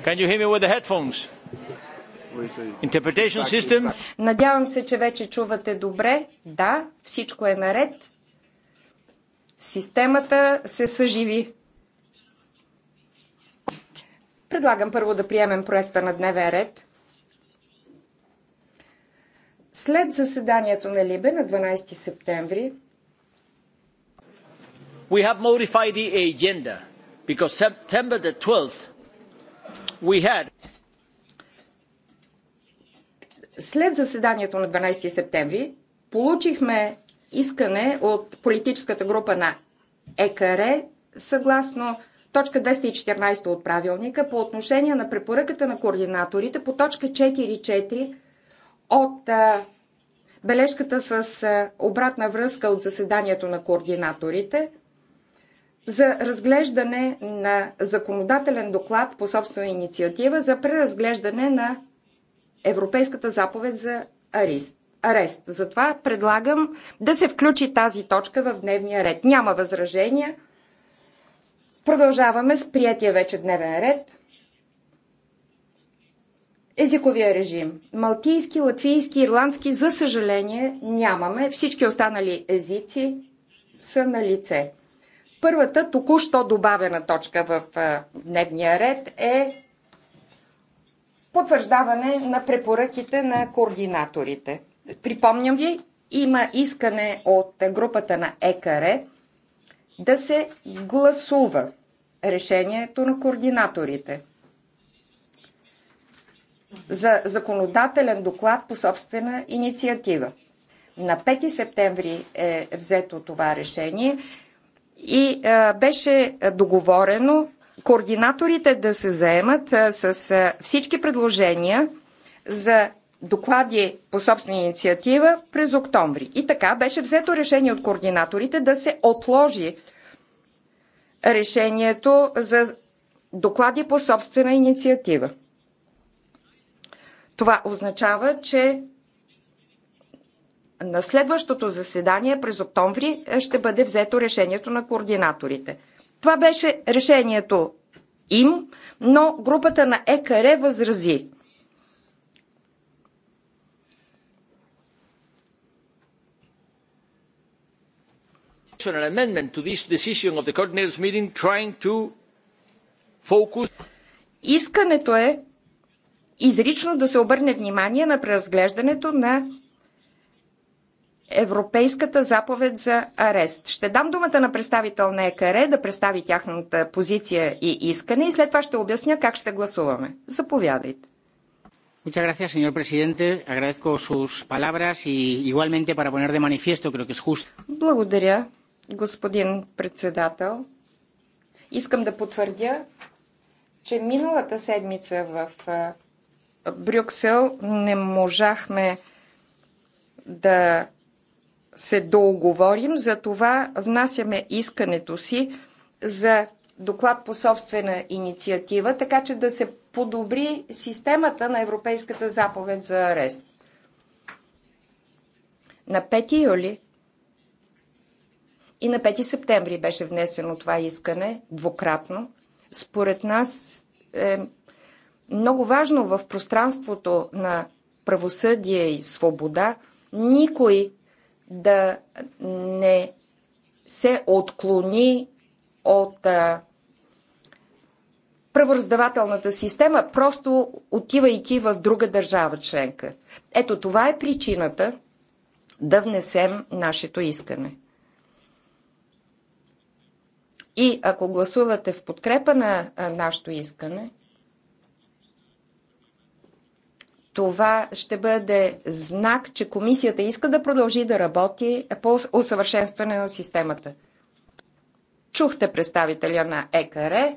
Can you hear me with the headphones? Interpretation system. Надявам се, че вече чувате добре. Да, всичко е наред. Системата се съживи. Предлагам първо да приемем проекта на дневен ред. След заседанието на Либе на 12 септември We have modified the agenda because September the 12th we had. След заседанието на 12 септември получихме искане от политическата група на ЕКР съгласно точка 214 от правилника по отношение на препоръката на координаторите по точка 4.4 от а, бележката с а, обратна връзка от заседанието на координаторите – за разглеждане на законодателен доклад по собствена инициатива за преразглеждане на Европейската заповед за арест. арест. Затова предлагам да се включи тази точка в дневния ред. Няма възражения. Продължаваме с приятия вече дневен ред. Езиковия режим. Малтийски, латвийски, ирландски, за съжаление, нямаме. Всички останали езици са на лице. Първата току-що добавена точка в дневния ред е потвърждаване на препоръките на координаторите. Припомням ви, има искане от групата на ЕКАРЕ да се гласува решението на координаторите за законодателен доклад по собствена инициатива. На 5 септември е взето това решение и а, беше договорено координаторите да се заемат а, с а, всички предложения за доклади по собствена инициатива през октомври. И така беше взето решение от координаторите да се отложи решението за доклади по собствена инициатива. Това означава, че на следващото заседание през октомври е, ще бъде взето решението на координаторите. Това беше решението им, но групата на ЕКР възрази. Искането е изрично да се обърне внимание на преразглеждането на Европейската заповед за арест. Ще дам думата на представител на ЕКР да представи тяхната позиция и искане и след това ще обясня как ще гласуваме. Заповядайте. Muchas gracias, señor presidente. Agradezco sus palabras y igualmente para poner de manifiesto, creo que es justo. Благодаря, господин председател. Искам да потвърдя, че миналата седмица в Брюксел не можахме да се дооговорим, за това внасяме искането си за доклад по собствена инициатива, така че да се подобри системата на Европейската заповед за арест. На 5 юли и на 5 септември беше внесено това искане двукратно. Според нас е много важно в пространството на правосъдие и свобода никой да не се отклони от правораздавателната система, просто отивайки в друга държава членка. Ето това е причината да внесем нашето искане. И ако гласувате в подкрепа на нашето искане, Това ще бъде знак, че комисията иска да продължи да работи по усъвършенстване на системата. Чухте представителя на ЕКР,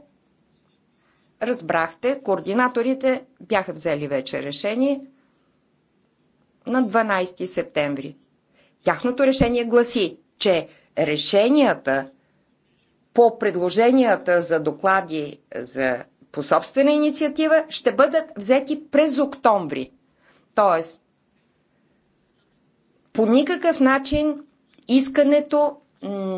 разбрахте, координаторите бяха взели вече решение на 12 септември. Тяхното решение гласи, че решенията по предложенията за доклади за по собствена инициатива ще бъдат взети през октомври. Тоест, по никакъв начин искането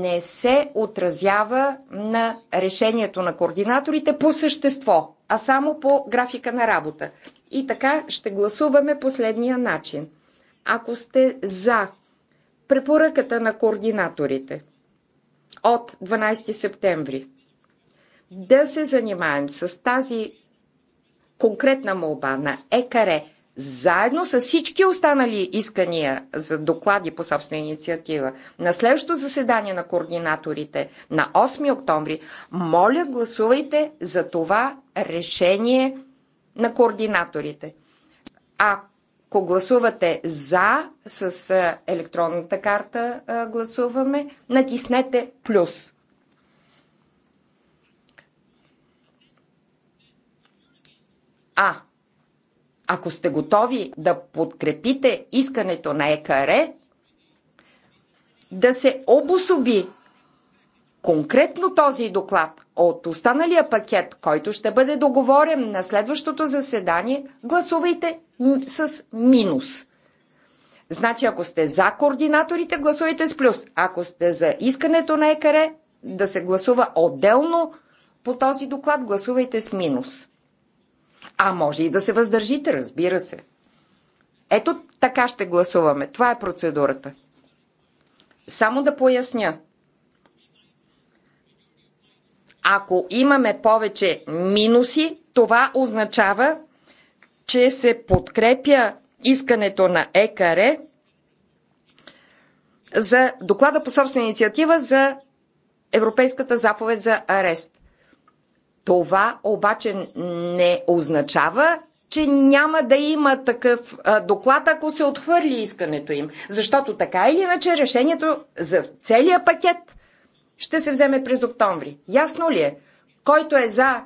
не се отразява на решението на координаторите по същество, а само по графика на работа. И така ще гласуваме последния начин. Ако сте за препоръката на координаторите от 12 септември, да се занимаем с тази конкретна молба на ЕКАРЕ, заедно с всички останали искания за доклади по собствена инициатива на следващото заседание на координаторите на 8 октомври, моля гласувайте за това решение на координаторите. Ако гласувате за с електронната карта, гласуваме, натиснете плюс. А ако сте готови да подкрепите искането на ЕКР, да се обособи конкретно този доклад от останалия пакет, който ще бъде договорен на следващото заседание, гласувайте с минус. Значи, ако сте за координаторите, гласувайте с плюс. Ако сте за искането на ЕКР да се гласува отделно по този доклад, гласувайте с минус. А може и да се въздържите, разбира се. Ето така ще гласуваме. Това е процедурата. Само да поясня. Ако имаме повече минуси, това означава, че се подкрепя искането на ЕКР за доклада по собствена инициатива за Европейската заповед за арест. Това обаче не означава, че няма да има такъв а, доклад, ако се отхвърли искането им. Защото така или иначе решението за целия пакет ще се вземе през октомври. Ясно ли е? Който е за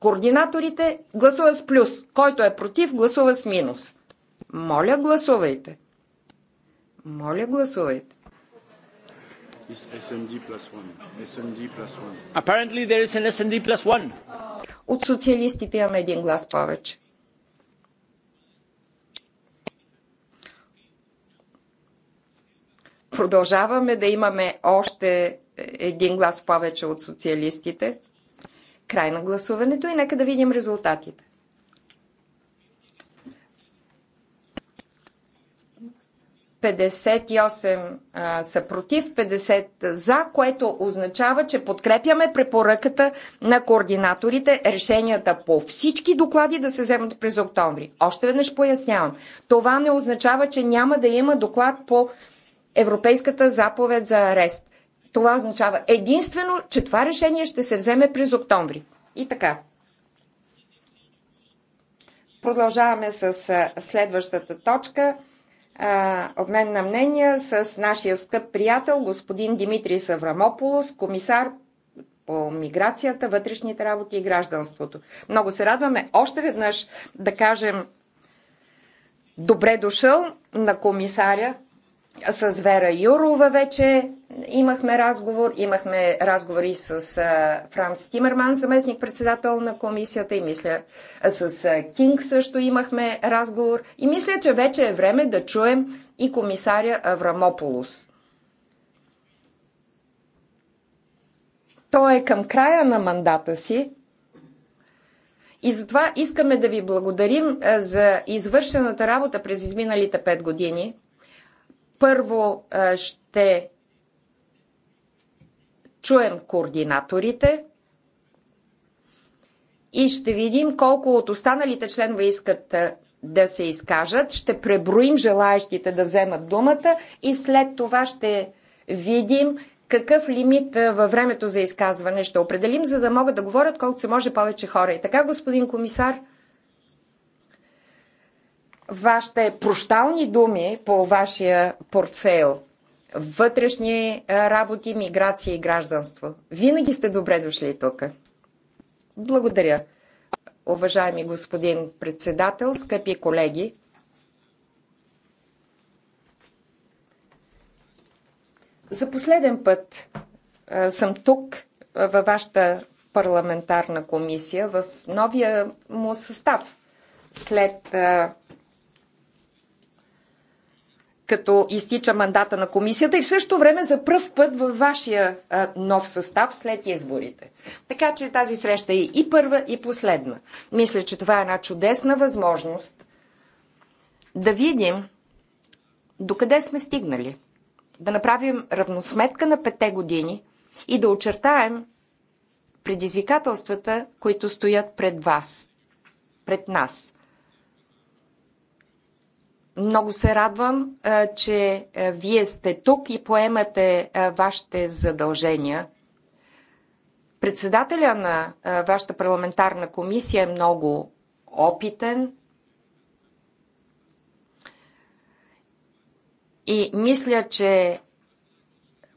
координаторите, гласува с плюс. Който е против, гласува с минус. Моля, гласувайте. Моля, гласувайте plus one. plus one. Apparently there is an plus one. От социалистите имаме един глас повече. Продължаваме да имаме още един глас повече от социалистите. Край на гласуването и нека да видим резултатите. 58 са против, 50 за, което означава, че подкрепяме препоръката на координаторите решенията по всички доклади да се вземат през октомври. Още веднъж пояснявам. Това не означава, че няма да има доклад по Европейската заповед за арест. Това означава единствено, че това решение ще се вземе през октомври. И така. Продължаваме с следващата точка – а, обмен на мнения с нашия скъп приятел, господин Димитрий Саврамополос, комисар по миграцията, вътрешните работи и гражданството. Много се радваме още веднъж да кажем добре дошъл на комисаря с Вера Юрова вече имахме разговор. Имахме разговори с Франц Тимерман, заместник председател на комисията и мисля с Кинг също имахме разговор. И мисля, че вече е време да чуем и комисаря Аврамополус. Той е към края на мандата си и затова искаме да ви благодарим за извършената работа през изминалите пет години – първо ще чуем координаторите и ще видим колко от останалите членове искат да се изкажат. Ще преброим желаящите да вземат думата и след това ще видим какъв лимит във времето за изказване ще определим, за да могат да говорят колкото се може повече хора. И така, господин комисар, вашите прощални думи по вашия портфейл. Вътрешни е, работи, миграция и гражданство. Винаги сте добре дошли тук. Благодаря. Уважаеми господин председател, скъпи колеги, за последен път е, съм тук е, във вашата парламентарна комисия в новия му състав след като изтича мандата на комисията и в същото време за пръв път във вашия а, нов състав след изборите. Така че тази среща е и първа, и последна. Мисля, че това е една чудесна възможност да видим докъде сме стигнали. Да направим равносметка на пете години и да очертаем предизвикателствата, които стоят пред вас, пред нас. Много се радвам, че вие сте тук и поемате вашите задължения. Председателя на вашата парламентарна комисия е много опитен и мисля, че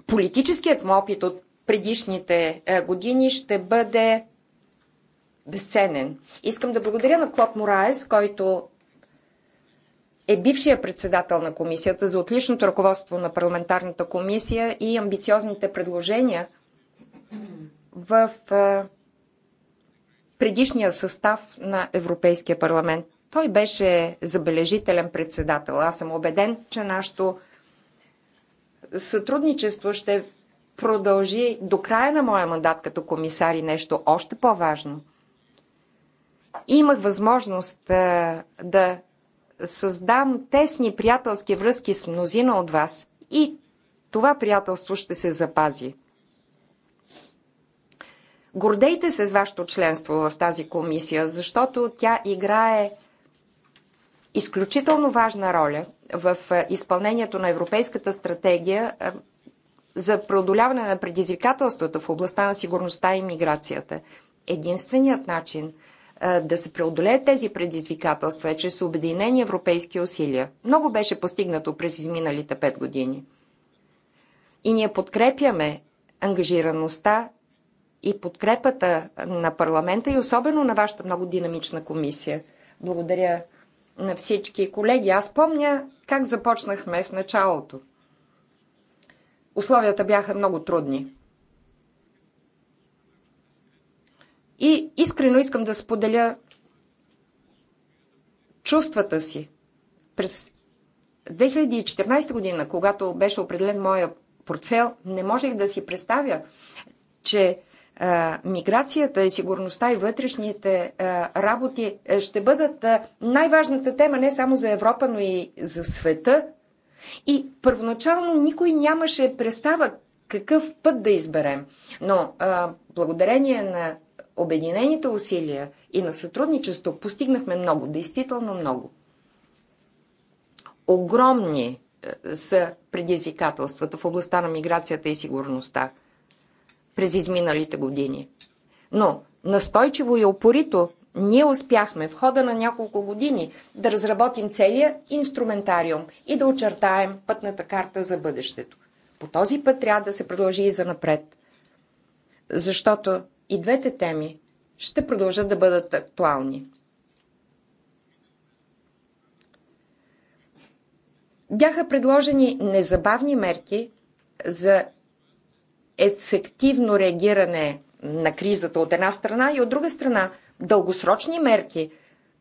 политическият му опит от предишните години ще бъде безценен. Искам да благодаря на Клод Мораес, който е бившия председател на комисията за отличното ръководство на парламентарната комисия и амбициозните предложения в предишния състав на Европейския парламент. Той беше забележителен председател. Аз съм убеден, че нашето сътрудничество ще продължи до края на моя мандат като комисар и нещо още по-важно. Имах възможност да създам тесни приятелски връзки с мнозина от вас и това приятелство ще се запази. Гордейте се с вашето членство в тази комисия, защото тя играе изключително важна роля в изпълнението на Европейската стратегия за преодоляване на предизвикателствата в областта на сигурността и миграцията. Единственият начин да се преодолеят тези предизвикателства е чрез обединени европейски усилия. Много беше постигнато през изминалите пет години. И ние подкрепяме ангажираността и подкрепата на парламента и особено на вашата много динамична комисия. Благодаря на всички колеги. Аз помня как започнахме в началото. Условията бяха много трудни. И искрено искам да споделя чувствата си. През 2014 година, когато беше определен моя портфел, не можех да си представя, че а, миграцията и сигурността и вътрешните а, работи ще бъдат най-важната тема не само за Европа, но и за света. И първоначално никой нямаше представа какъв път да изберем. Но а, благодарение на обединените усилия и на сътрудничество постигнахме много, действително много. Огромни е, са предизвикателствата в областта на миграцията и сигурността през изминалите години. Но настойчиво и опорито ние успяхме в хода на няколко години да разработим целия инструментариум и да очертаем пътната карта за бъдещето. По този път трябва да се продължи и за напред. Защото и двете теми ще продължат да бъдат актуални. Бяха предложени незабавни мерки за ефективно реагиране на кризата от една страна и от друга страна дългосрочни мерки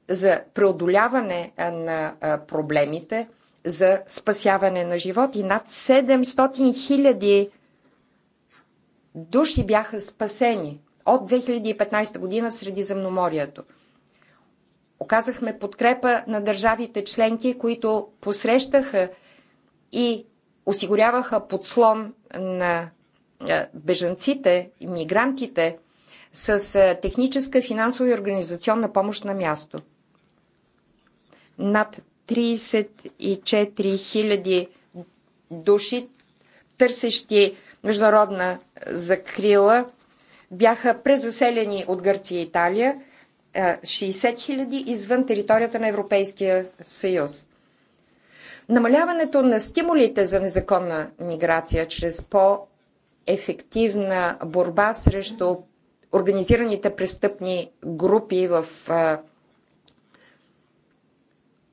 за преодоляване на проблемите, за спасяване на животи. Над 700 000 души бяха спасени от 2015 година в Средиземноморието. Оказахме подкрепа на държавите членки, които посрещаха и осигуряваха подслон на е, бежанците, мигрантите с е, техническа, финансова и организационна помощ на място. Над 34 000 души, търсещи международна закрила, бяха презаселени от Гърция и Италия 60 000 извън територията на Европейския съюз. Намаляването на стимулите за незаконна миграция чрез по-ефективна борба срещу организираните престъпни групи в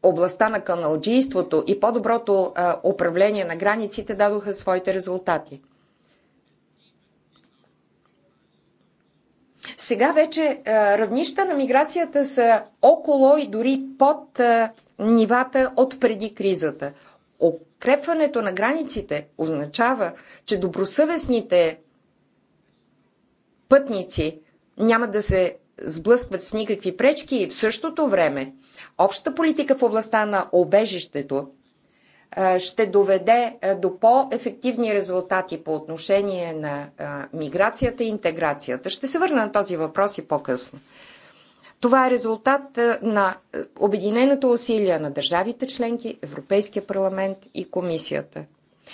областта на каналджийството и по-доброто управление на границите дадоха своите резултати. Сега вече равнища на миграцията са около и дори под нивата от преди кризата. Укрепването на границите означава, че добросъвестните пътници няма да се сблъскват с никакви пречки и в същото време общата политика в областта на обежището ще доведе до по-ефективни резултати по отношение на миграцията и интеграцията. Ще се върна на този въпрос и по-късно. Това е резултат на обединеното усилие на държавите членки, Европейския парламент и комисията.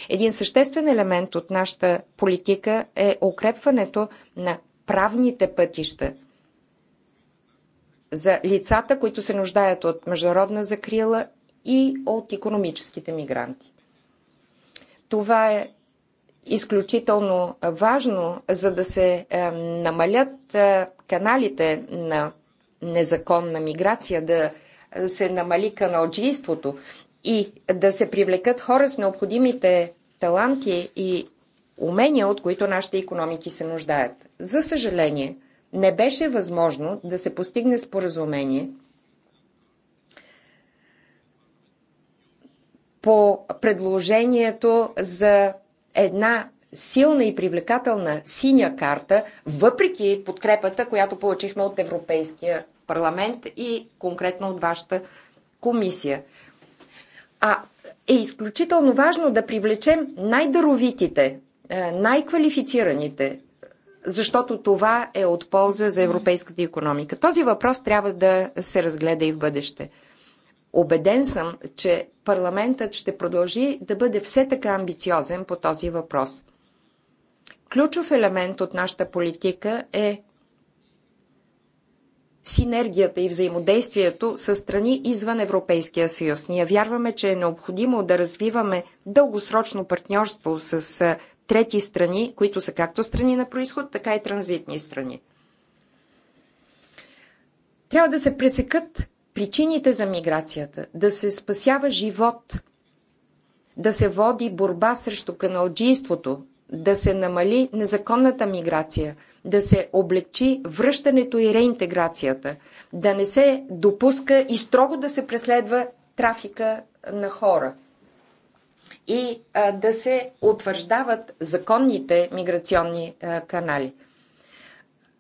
Един съществен елемент от нашата политика е укрепването на правните пътища за лицата, които се нуждаят от международна закрила и от економическите мигранти. Това е изключително важно, за да се е, намалят е, каналите на незаконна миграция, да се намали каналджийството и да се привлекат хора с необходимите таланти и умения, от които нашите економики се нуждаят. За съжаление, не беше възможно да се постигне споразумение по предложението за една силна и привлекателна синя карта, въпреки подкрепата, която получихме от Европейския парламент и конкретно от вашата комисия. А е изключително важно да привлечем най-даровитите, е, най-квалифицираните, защото това е от полза за европейската економика. Този въпрос трябва да се разгледа и в бъдеще. Обеден съм, че парламентът ще продължи да бъде все така амбициозен по този въпрос. Ключов елемент от нашата политика е синергията и взаимодействието с страни извън Европейския съюз. Ние вярваме, че е необходимо да развиваме дългосрочно партньорство с трети страни, които са както страни на происход, така и транзитни страни. Трябва да се пресекат причините за миграцията, да се спасява живот, да се води борба срещу каналджийството, да се намали незаконната миграция, да се облегчи връщането и реинтеграцията, да не се допуска и строго да се преследва трафика на хора и а, да се утвърждават законните миграционни а, канали.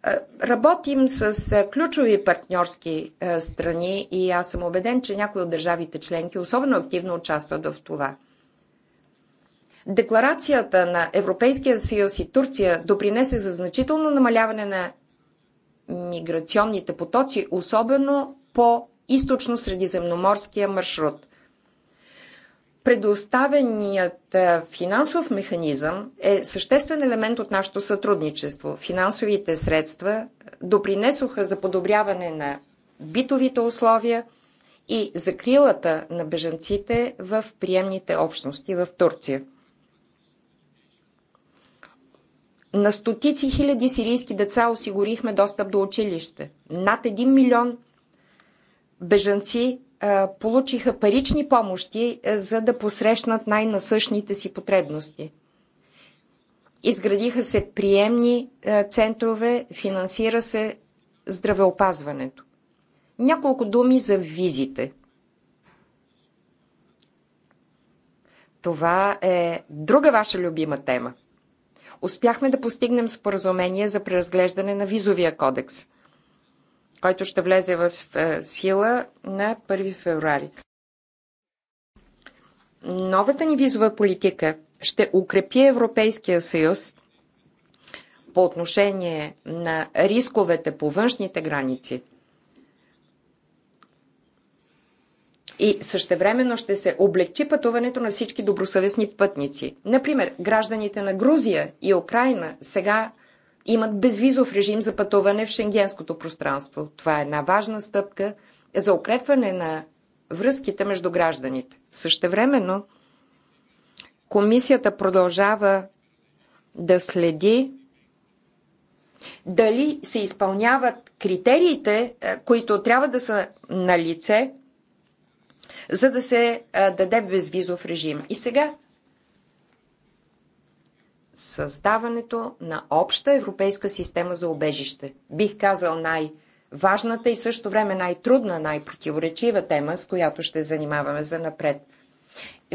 Е, работим с е, ключови партньорски е, страни и аз съм убеден, че някои от държавите членки особено активно участват в това. Декларацията на Европейския съюз и Турция допринесе за значително намаляване на миграционните потоци, особено по източно-средиземноморския маршрут. Предоставеният е, финансов механизъм е съществен елемент от нашето сътрудничество. Финансовите средства допринесоха за подобряване на битовите условия и закрилата на бежанците в приемните общности в Турция. На стотици хиляди сирийски деца осигурихме достъп до училище. Над 1 милион бежанци получиха парични помощи, за да посрещнат най-насъщните си потребности. Изградиха се приемни центрове, финансира се здравеопазването. Няколко думи за визите. Това е друга ваша любима тема. Успяхме да постигнем споразумение за преразглеждане на визовия кодекс – който ще влезе в е, сила на 1 феврари. Новата ни визова политика ще укрепи Европейския съюз по отношение на рисковете по външните граници и същевременно ще се облегчи пътуването на всички добросъвестни пътници. Например, гражданите на Грузия и Украина сега имат безвизов режим за пътуване в шенгенското пространство. Това е една важна стъпка за укрепване на връзките между гражданите. Същевременно, комисията продължава да следи дали се изпълняват критериите, е, които трябва да са на лице, за да се е, даде безвизов режим. И сега създаването на обща европейска система за обежище. Бих казал най-важната и в същото време най-трудна, най-противоречива тема, с която ще занимаваме за напред.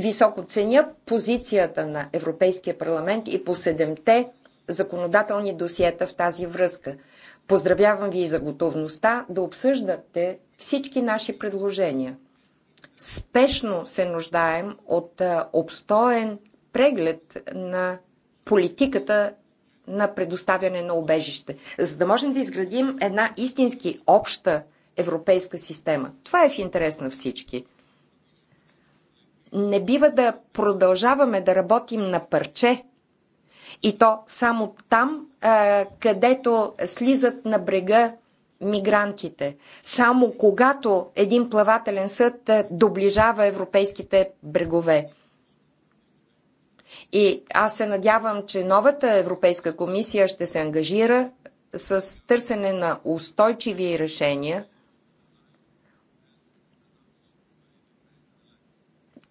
Високо ценя позицията на Европейския парламент и по седемте законодателни досиета в тази връзка. Поздравявам ви и за готовността да обсъждате всички наши предложения. Спешно се нуждаем от обстоен преглед на политиката на предоставяне на обежище, за да можем да изградим една истински обща европейска система. Това е в интерес на всички. Не бива да продължаваме да работим на парче и то само там, където слизат на брега мигрантите. Само когато един плавателен съд доближава европейските брегове. И аз се надявам, че новата Европейска комисия ще се ангажира с търсене на устойчиви решения,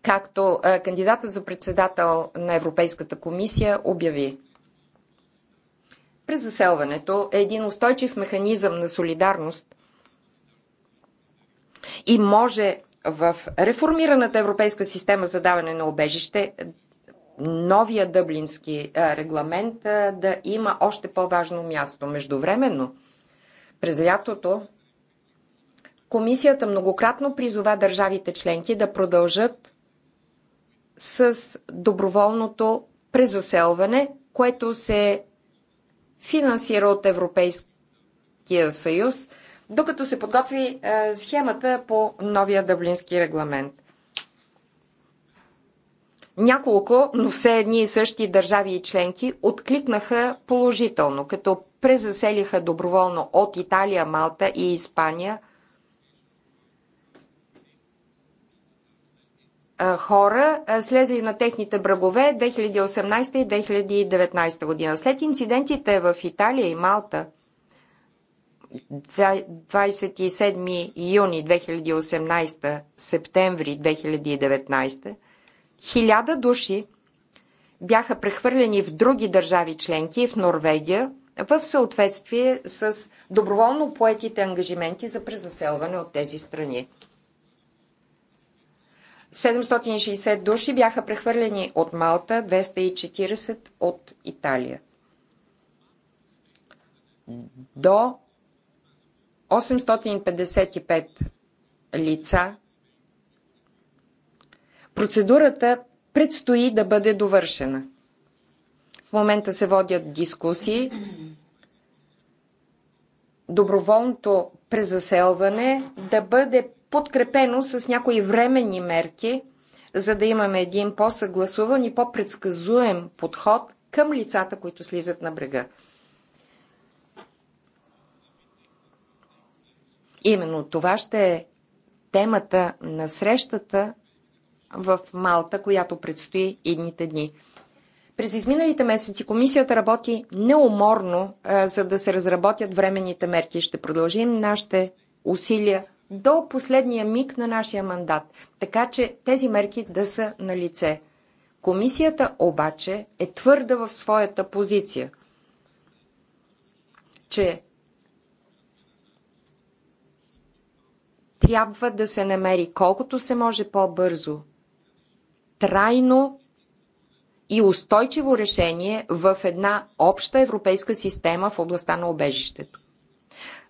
както е, кандидата за председател на Европейската комисия обяви. Презаселването е един устойчив механизъм на солидарност и може в реформираната европейска система за даване на обежище новия дъблински регламент да има още по-важно място. Междувременно, през лятото, Комисията многократно призова държавите членки да продължат с доброволното презаселване, което се финансира от Европейския съюз, докато се подготви схемата по новия Дъблински регламент. Няколко, но все едни и същи държави и членки откликнаха положително, като презаселиха доброволно от Италия, Малта и Испания хора, слезли на техните брагове 2018 и 2019 година. След инцидентите в Италия и Малта, 27 юни 2018, септември 2019, Хиляда души бяха прехвърлени в други държави членки в Норвегия в съответствие с доброволно поетите ангажименти за презаселване от тези страни. 760 души бяха прехвърлени от Малта, 240 от Италия. До 855 лица Процедурата предстои да бъде довършена. В момента се водят дискусии. Доброволното презаселване да бъде подкрепено с някои временни мерки, за да имаме един по-съгласуван и по-предсказуем подход към лицата, които слизат на брега. Именно това ще е темата на срещата в Малта, която предстои идните дни. През изминалите месеци комисията работи неуморно, за да се разработят временните мерки. Ще продължим нашите усилия до последния миг на нашия мандат, така че тези мерки да са на лице. Комисията обаче е твърда в своята позиция, че трябва да се намери колкото се може по-бързо трайно и устойчиво решение в една обща европейска система в областта на обежището.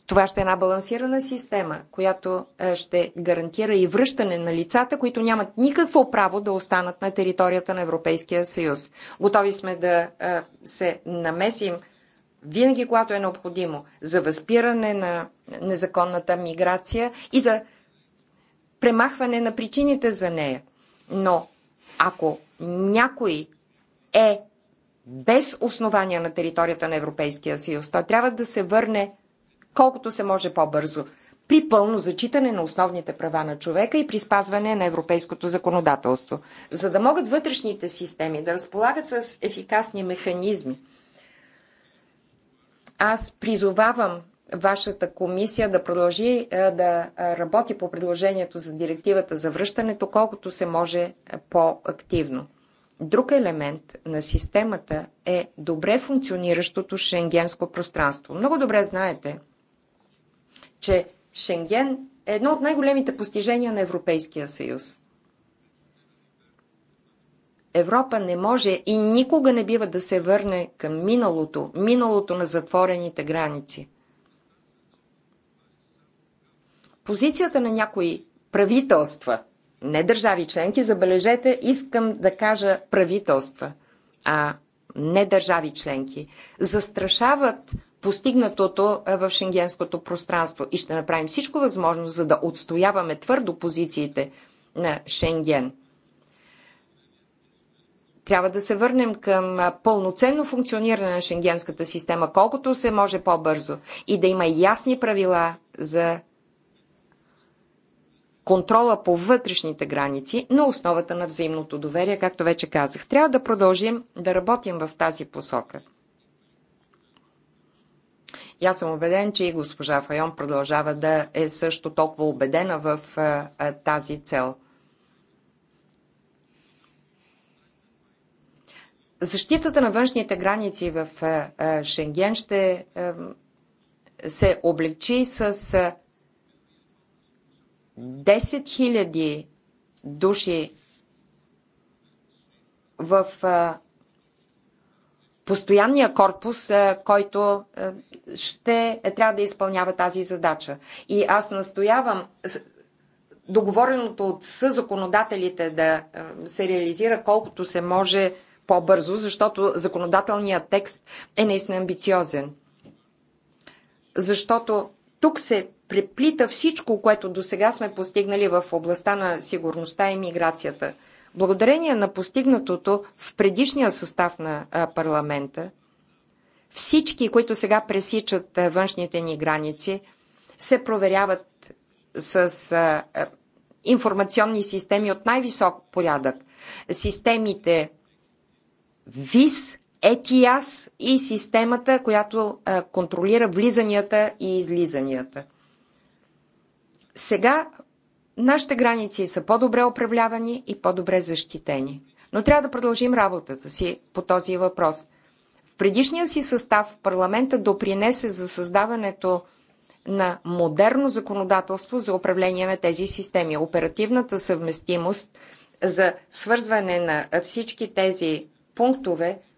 Това ще е една балансирана система, която е, ще гарантира и връщане на лицата, които нямат никакво право да останат на територията на Европейския съюз. Готови сме да е, се намесим винаги, когато е необходимо, за възпиране на незаконната миграция и за премахване на причините за нея. Но ако някой е без основания на територията на Европейския съюз, той трябва да се върне колкото се може по-бързо при пълно зачитане на основните права на човека и при спазване на европейското законодателство. За да могат вътрешните системи да разполагат с ефикасни механизми, аз призовавам вашата комисия да продължи да работи по предложението за директивата за връщането колкото се може по-активно. Друг елемент на системата е добре функциониращото шенгенско пространство. Много добре знаете, че Шенген е едно от най-големите постижения на Европейския съюз. Европа не може и никога не бива да се върне към миналото, миналото на затворените граници. позицията на някои правителства, не държави членки, забележете, искам да кажа правителства, а не държави членки, застрашават постигнатото в шенгенското пространство и ще направим всичко възможно, за да отстояваме твърдо позициите на Шенген. Трябва да се върнем към пълноценно функциониране на шенгенската система, колкото се може по-бързо и да има ясни правила за контрола по вътрешните граници на основата на взаимното доверие, както вече казах. Трябва да продължим да работим в тази посока. И аз съм убеден, че и госпожа Файон продължава да е също толкова убедена в а, а, тази цел. Защитата на външните граници в а, Шенген ще се облегчи с 10 000 души в постоянния корпус, който ще трябва да изпълнява тази задача. И аз настоявам договореното от съзаконодателите да се реализира колкото се може по-бързо, защото законодателният текст е наистина амбициозен. Защото тук се преплита всичко, което до сега сме постигнали в областта на сигурността и миграцията. Благодарение на постигнатото в предишния състав на парламента, всички, които сега пресичат външните ни граници, се проверяват с информационни системи от най-висок порядък. Системите ВИС, ЕТИАС и системата, която контролира влизанията и излизанията. Сега нашите граници са по-добре управлявани и по-добре защитени. Но трябва да продължим работата си по този въпрос. В предишния си състав парламента допринесе за създаването на модерно законодателство за управление на тези системи. Оперативната съвместимост за свързване на всички тези пунктове –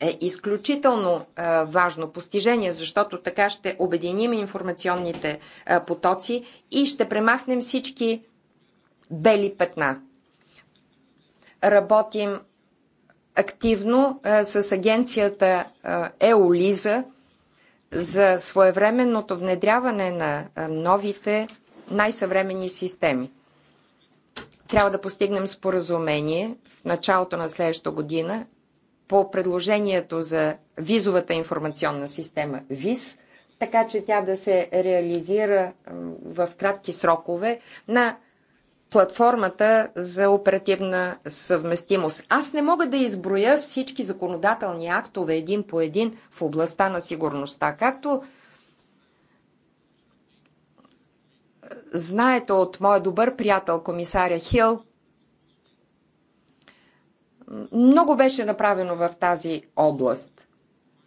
е изключително е, важно постижение, защото така ще обединим информационните е, потоци и ще премахнем всички бели петна. Работим активно е, с агенцията Еолиза за своевременното внедряване на новите най-съвремени системи. Трябва да постигнем споразумение в началото на следващата година по предложението за визовата информационна система ВИЗ, така че тя да се реализира в кратки срокове на платформата за оперативна съвместимост. Аз не мога да изброя всички законодателни актове един по един в областта на сигурността. Както е, знаете от моя добър приятел комисаря Хил, много беше направено в тази област.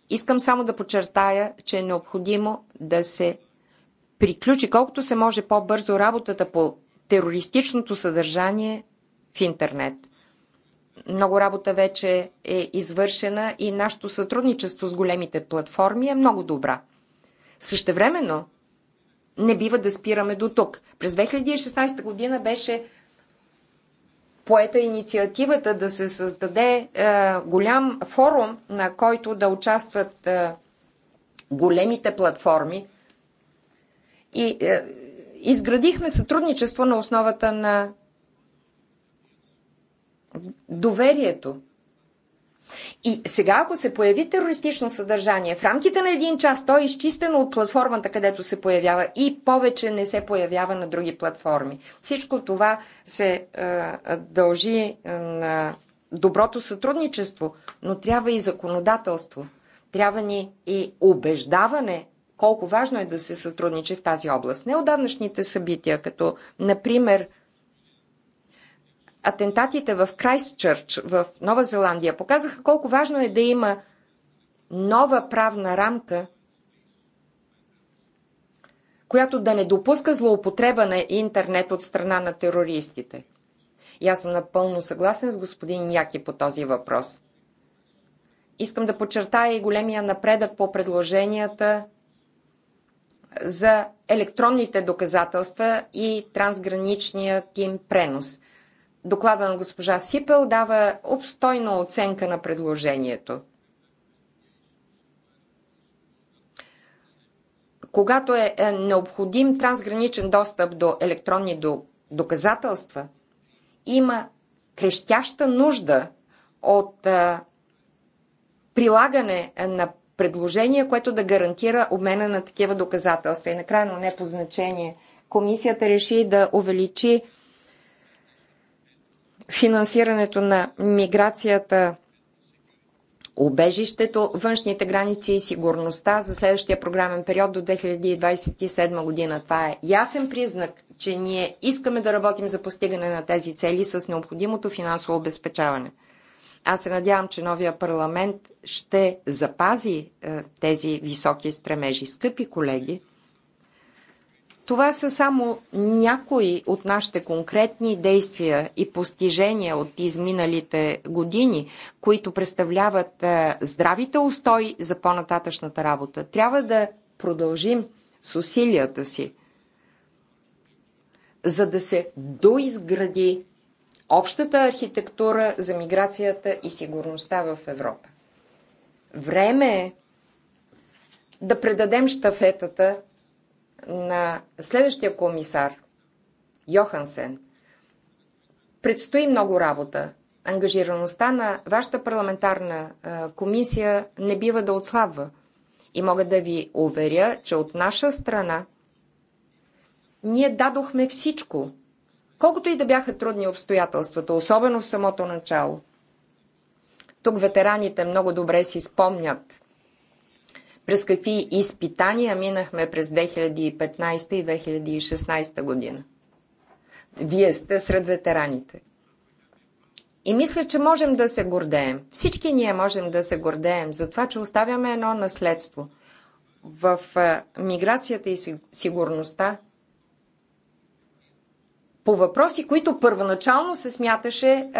Искам само да подчертая, че е необходимо да се приключи колкото се може по-бързо работата по терористичното съдържание в интернет. Много работа вече е извършена и нашето сътрудничество с големите платформи е много добра. Същевременно, не бива да спираме до тук. През 2016 година беше поета инициативата да се създаде е, голям форум, на който да участват е, големите платформи. И е, изградихме сътрудничество на основата на доверието. И сега, ако се появи терористично съдържание, в рамките на един час то е изчистено от платформата, където се появява и повече не се появява на други платформи. Всичко това се е, дължи е, на доброто сътрудничество, но трябва и законодателство. Трябва ни и убеждаване колко важно е да се сътрудничи в тази област. Неодавнашните събития, като, например, атентатите в Крайстчърч в Нова Зеландия показаха колко важно е да има нова правна рамка, която да не допуска злоупотреба на интернет от страна на терористите. И аз съм напълно съгласен с господин Яки по този въпрос. Искам да подчертая и големия напредък по предложенията за електронните доказателства и трансграничният им пренос – Доклада на госпожа Сипел дава обстойна оценка на предложението. Когато е, е необходим трансграничен достъп до електронни доказателства, има крещяща нужда от е, прилагане на предложение, което да гарантира обмена на такива доказателства. И накрая, но не по значение, комисията реши да увеличи финансирането на миграцията, убежището, външните граници и сигурността за следващия програмен период до 2027 година. Това е ясен признак, че ние искаме да работим за постигане на тези цели с необходимото финансово обезпечаване. Аз се надявам, че новия парламент ще запази е, тези високи стремежи. Скъпи колеги, това са само някои от нашите конкретни действия и постижения от изминалите години, които представляват здравите устой за по-нататъчната работа. Трябва да продължим с усилията си, за да се доизгради общата архитектура за миграцията и сигурността в Европа. Време е да предадем штафетата на следващия комисар Йохансен предстои много работа. Ангажираността на вашата парламентарна комисия не бива да отслабва. И мога да ви уверя, че от наша страна ние дадохме всичко, колкото и да бяха трудни обстоятелствата, особено в самото начало. Тук ветераните много добре си спомнят през какви изпитания минахме през 2015 и 2016 година. Вие сте сред ветераните. И мисля, че можем да се гордеем. Всички ние можем да се гордеем за това, че оставяме едно наследство. В е, миграцията и сигурността по въпроси, които първоначално се смяташе, е,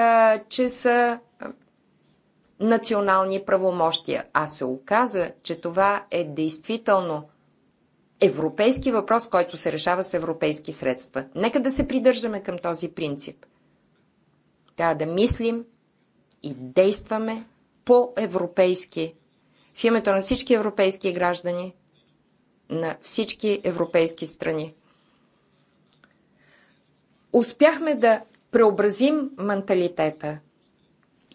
че са национални правомощия, а се оказа, че това е действително европейски въпрос, който се решава с европейски средства. Нека да се придържаме към този принцип. Трябва да мислим и действаме по-европейски, в името на всички европейски граждани, на всички европейски страни. Успяхме да преобразим менталитета –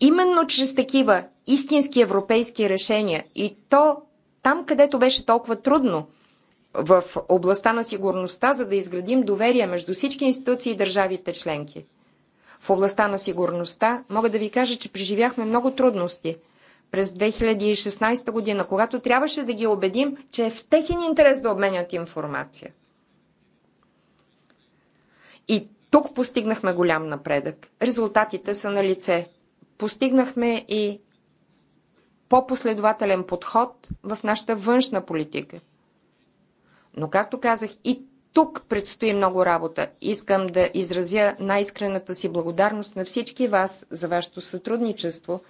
именно чрез такива истински европейски решения и то там, където беше толкова трудно в областта на сигурността, за да изградим доверие между всички институции и държавите членки. В областта на сигурността мога да ви кажа, че преживяхме много трудности през 2016 година, когато трябваше да ги убедим, че е в техен интерес да обменят информация. И тук постигнахме голям напредък. Резултатите са на лице. Постигнахме и по-последователен подход в нашата външна политика. Но, както казах, и тук предстои много работа. Искам да изразя най-искрената си благодарност на всички вас за вашето сътрудничество,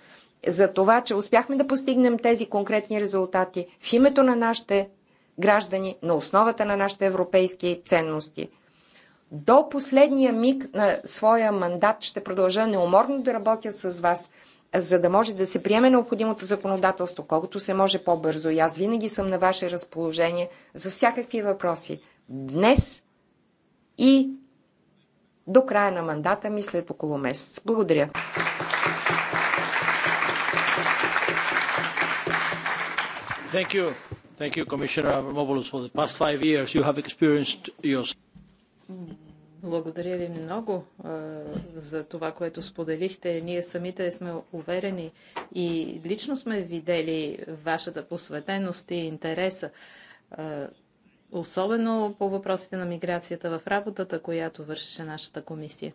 за това, че успяхме да постигнем тези конкретни резултати в името на нашите граждани, на основата на нашите европейски ценности – до последния миг на своя мандат ще продължа неуморно да работя с вас, за да може да се приеме необходимото законодателство, колкото се може по-бързо. И аз винаги съм на ваше разположение за всякакви въпроси. Днес и до края на мандата ми след около месец. Благодаря. Thank you. Thank you, Commissioner Mobulus, For the past five years, you have experienced yourself благодаря ви много а, за това, което споделихте. Ние самите сме уверени и лично сме видели вашата посветеност и интереса. А, особено по въпросите на миграцията в работата, която вършеше нашата комисия.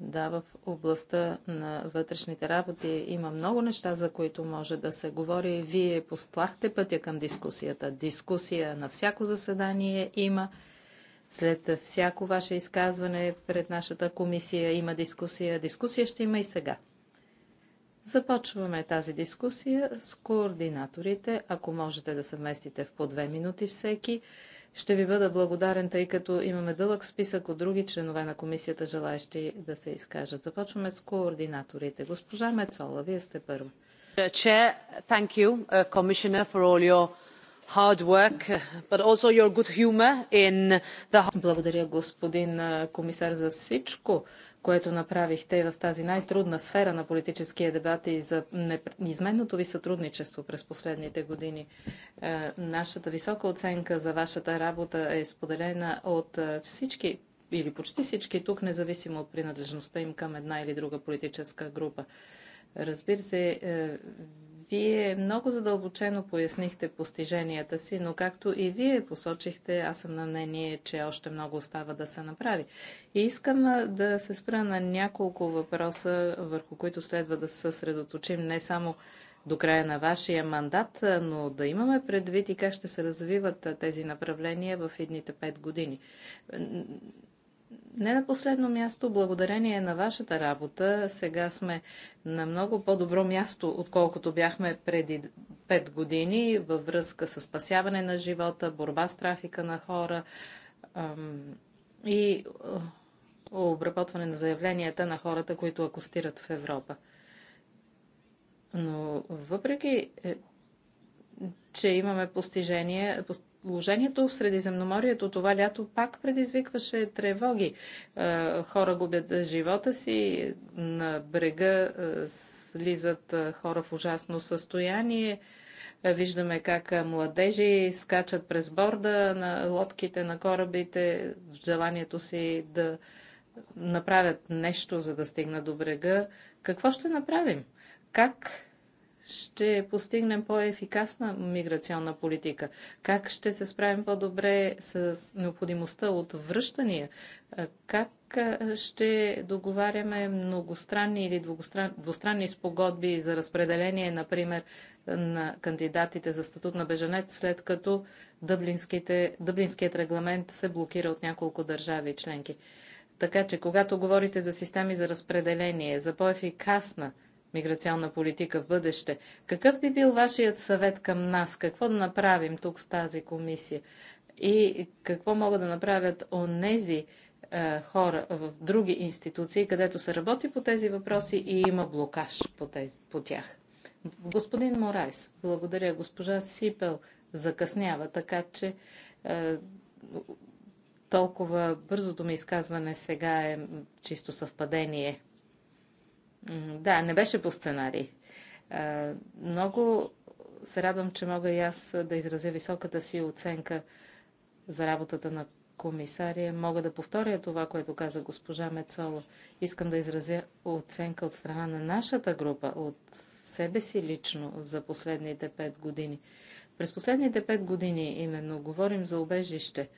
Да, в областта на вътрешните работи има много неща, за които може да се говори. Вие послахте пътя към дискусията. Дискусия на всяко заседание има. След всяко ваше изказване пред нашата комисия има дискусия. Дискусия ще има и сега. Започваме тази дискусия с координаторите. Ако можете да се вместите в по две минути всеки. Ще ви бъда благодарен, тъй като имаме дълъг списък от други членове на комисията, желаящи да се изкажат. Започваме с координаторите. Госпожа Мецола, вие сте първа. Chair, thank you, uh, Commissioner, for all your hard work, but also your good humor in the... Благодаря, господин uh, комисар, за всичко, което направихте в тази най-трудна сфера на политическия дебат и за неизменното ви сътрудничество през последните години. Е, нашата висока оценка за вашата работа е споделена от е, всички или почти всички тук, независимо от принадлежността им към една или друга политическа група. Разбира се, е, вие много задълбочено пояснихте постиженията си, но както и вие посочихте, аз съм на мнение, че още много остава да се направи. И искам да се спра на няколко въпроса, върху които следва да се съсредоточим не само до края на вашия мандат, но да имаме предвид и как ще се развиват тези направления в едните пет години не на последно място, благодарение на вашата работа, сега сме на много по-добро място, отколкото бяхме преди 5 години във връзка с спасяване на живота, борба с трафика на хора и обработване на заявленията на хората, които акустират в Европа. Но въпреки, е, че имаме постижения, Положението в Средиземноморието това лято пак предизвикваше тревоги. Е, хора губят живота си, на брега е, слизат е, хора в ужасно състояние. Виждаме как младежи скачат през борда на лодките, на корабите, в желанието си да направят нещо, за да стигнат до брега. Какво ще направим? Как ще постигнем по-ефикасна миграционна политика? Как ще се справим по-добре с необходимостта от връщания? Как ще договаряме многостранни или двустранни спогодби за разпределение, например, на кандидатите за статут на беженец, след като Дъблинският регламент се блокира от няколко държави членки? Така че, когато говорите за системи за разпределение, за по-ефикасна миграционна политика в бъдеще. Какъв би бил вашият съвет към нас? Какво да направим тук в тази комисия? И какво могат да направят онези е, хора в други институции, където се работи по тези въпроси и има блокаж по, тези, по тях? Господин Морайс, благодаря. Госпожа Сипел закъснява, така че е, толкова бързото ми изказване сега е чисто съвпадение. Да, не беше по сценарий. Много се радвам, че мога и аз да изразя високата си оценка за работата на комисария. Мога да повторя това, което каза госпожа Мецола. Искам да изразя оценка от страна на нашата група, от себе си лично за последните пет години. През последните пет години именно говорим за убежище.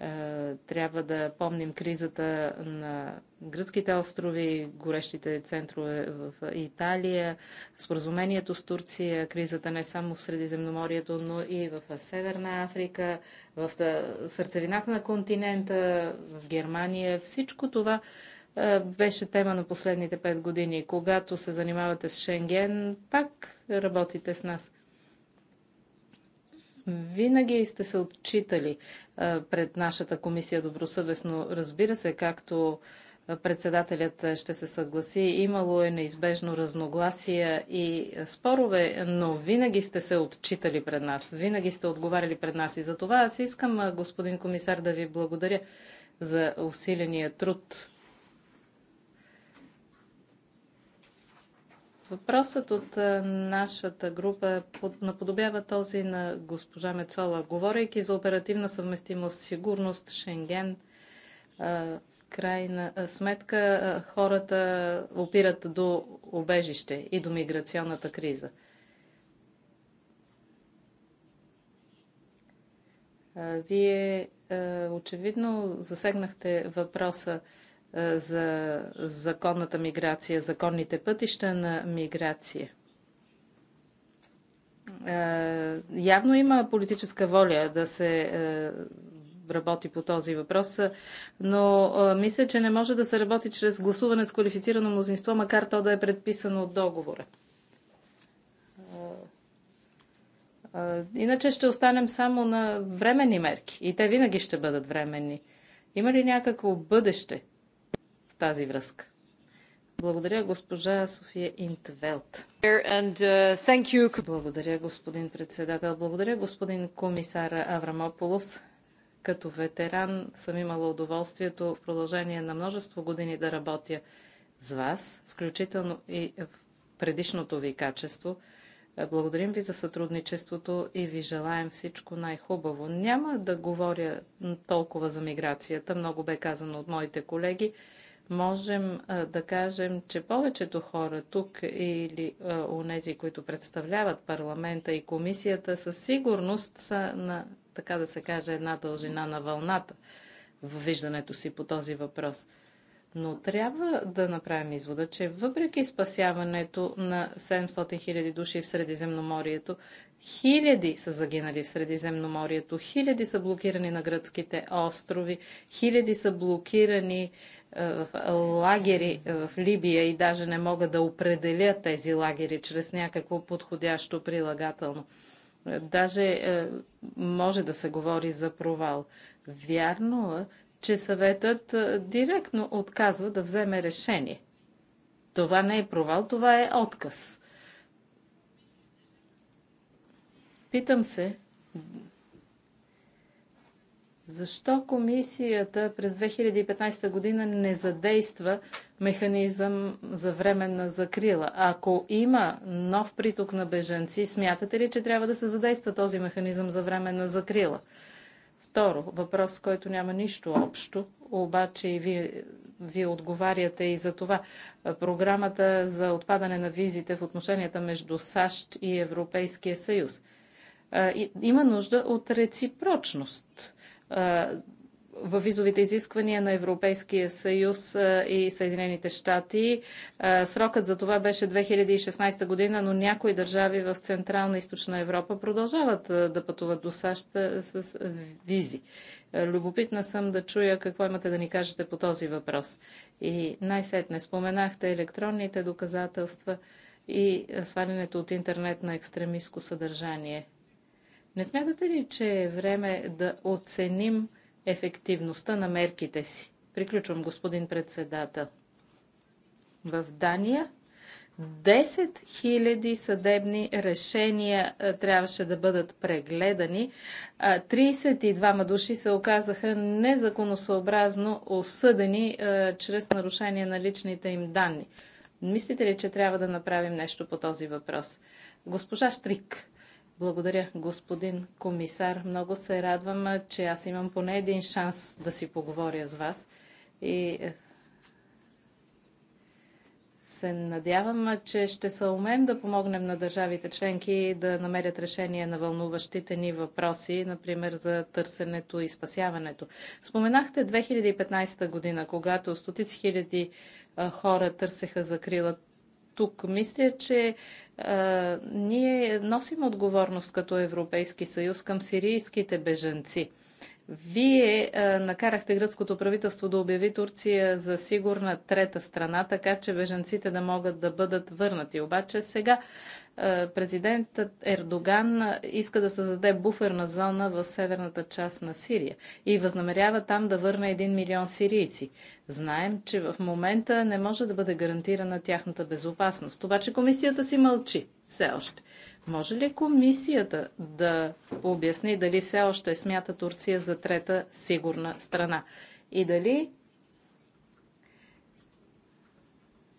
Е, трябва да помним кризата на гръцките острови, горещите центрове в Италия, споразумението с Турция, кризата не само в Средиземноморието, но и в Северна Африка, в сърцевината на континента, в Германия. Всичко това е, беше тема на последните пет години. Когато се занимавате с Шенген, пак работите с нас. Винаги сте се отчитали пред нашата комисия добросъвестно. Разбира се, както председателят ще се съгласи, имало е неизбежно разногласия и спорове, но винаги сте се отчитали пред нас, винаги сте отговаряли пред нас и за това аз искам, господин комисар, да ви благодаря за усиления труд Въпросът от нашата група е наподобява този на госпожа Мецола. Говорейки за оперативна съвместимост, сигурност, Шенген, в крайна сметка хората опират до обежище и до миграционната криза. Вие очевидно засегнахте въпроса е, за законната миграция, законните пътища на миграция. Е, явно има политическа воля да се е, работи по този въпрос, но мисля, че не може да се работи чрез гласуване с квалифицирано мнозинство, макар то да е предписано от договора. Иначе ще останем само на временни мерки и те винаги ще бъдат временни. Има ли някакво бъдеще тази връзка. Благодаря госпожа София Интвелт. Uh, Благодаря господин председател. Благодаря господин комисар Аврамополос. Като ветеран съм имала удоволствието в продължение на множество години да работя с вас, включително и в предишното ви качество. Благодарим ви за сътрудничеството и ви желаем всичко най-хубаво. Няма да говоря толкова за миграцията, много бе казано от моите колеги можем да кажем, че повечето хора тук или у нези, които представляват парламента и комисията, със сигурност са на, така да се каже, една дължина на вълната в виждането си по този въпрос. Но трябва да направим извода, че въпреки спасяването на 700 000 души в Средиземноморието, хиляди са загинали в Средиземноморието, хиляди са блокирани на гръцките острови, хиляди са блокирани е, в лагери е, в Либия и даже не мога да определя тези лагери чрез някакво подходящо прилагателно. Е, даже може да се говори за провал. Вярно е, че съветът директно отказва да вземе решение. Това не е провал, това е отказ. Питам се, защо комисията през 2015 година не задейства механизъм за временна закрила? Ако има нов приток на бежанци, смятате ли, че трябва да се задейства този механизъм за временна закрила? Второ, въпрос, който няма нищо общо, обаче и вие, вие отговаряте и за това. Програмата за отпадане на визите в отношенията между САЩ и Европейския съюз. Има нужда от реципрочност във визовите изисквания на Европейския съюз и Съединените щати. Срокът за това беше 2016 година, но някои държави в Централна и Източна Европа продължават да пътуват до САЩ с визи. Любопитна съм да чуя какво имате да ни кажете по този въпрос. И най-сетне споменахте електронните доказателства и свалянето от интернет на екстремистско съдържание. Не смятате ли, че е време да оценим ефективността на мерките си? Приключвам, господин председател. В Дания 10 000 съдебни решения трябваше да бъдат прегледани. 32 души се оказаха незаконосъобразно осъдени чрез нарушение на личните им данни. Мислите ли, че трябва да направим нещо по този въпрос? Госпожа Штрик. Благодаря, господин комисар. Много се радвам, че аз имам поне един шанс да си поговоря с вас. И е, се надявам, че ще се умеем да помогнем на държавите членки да намерят решение на вълнуващите ни въпроси, например за търсенето и спасяването. Споменахте 2015 година, когато стотици хиляди хора търсеха закрила тук. Мисля, че а, ние носим отговорност като Европейски съюз към сирийските бежанци. Вие а, накарахте гръцкото правителство да обяви Турция за сигурна трета страна, така че бежанците да могат да бъдат върнати. Обаче сега президентът Ердоган иска да създаде буферна зона в северната част на Сирия и възнамерява там да върне един милион сирийци. Знаем, че в момента не може да бъде гарантирана тяхната безопасност. Обаче комисията си мълчи все още. Може ли комисията да обясни дали все още смята Турция за трета сигурна страна? И дали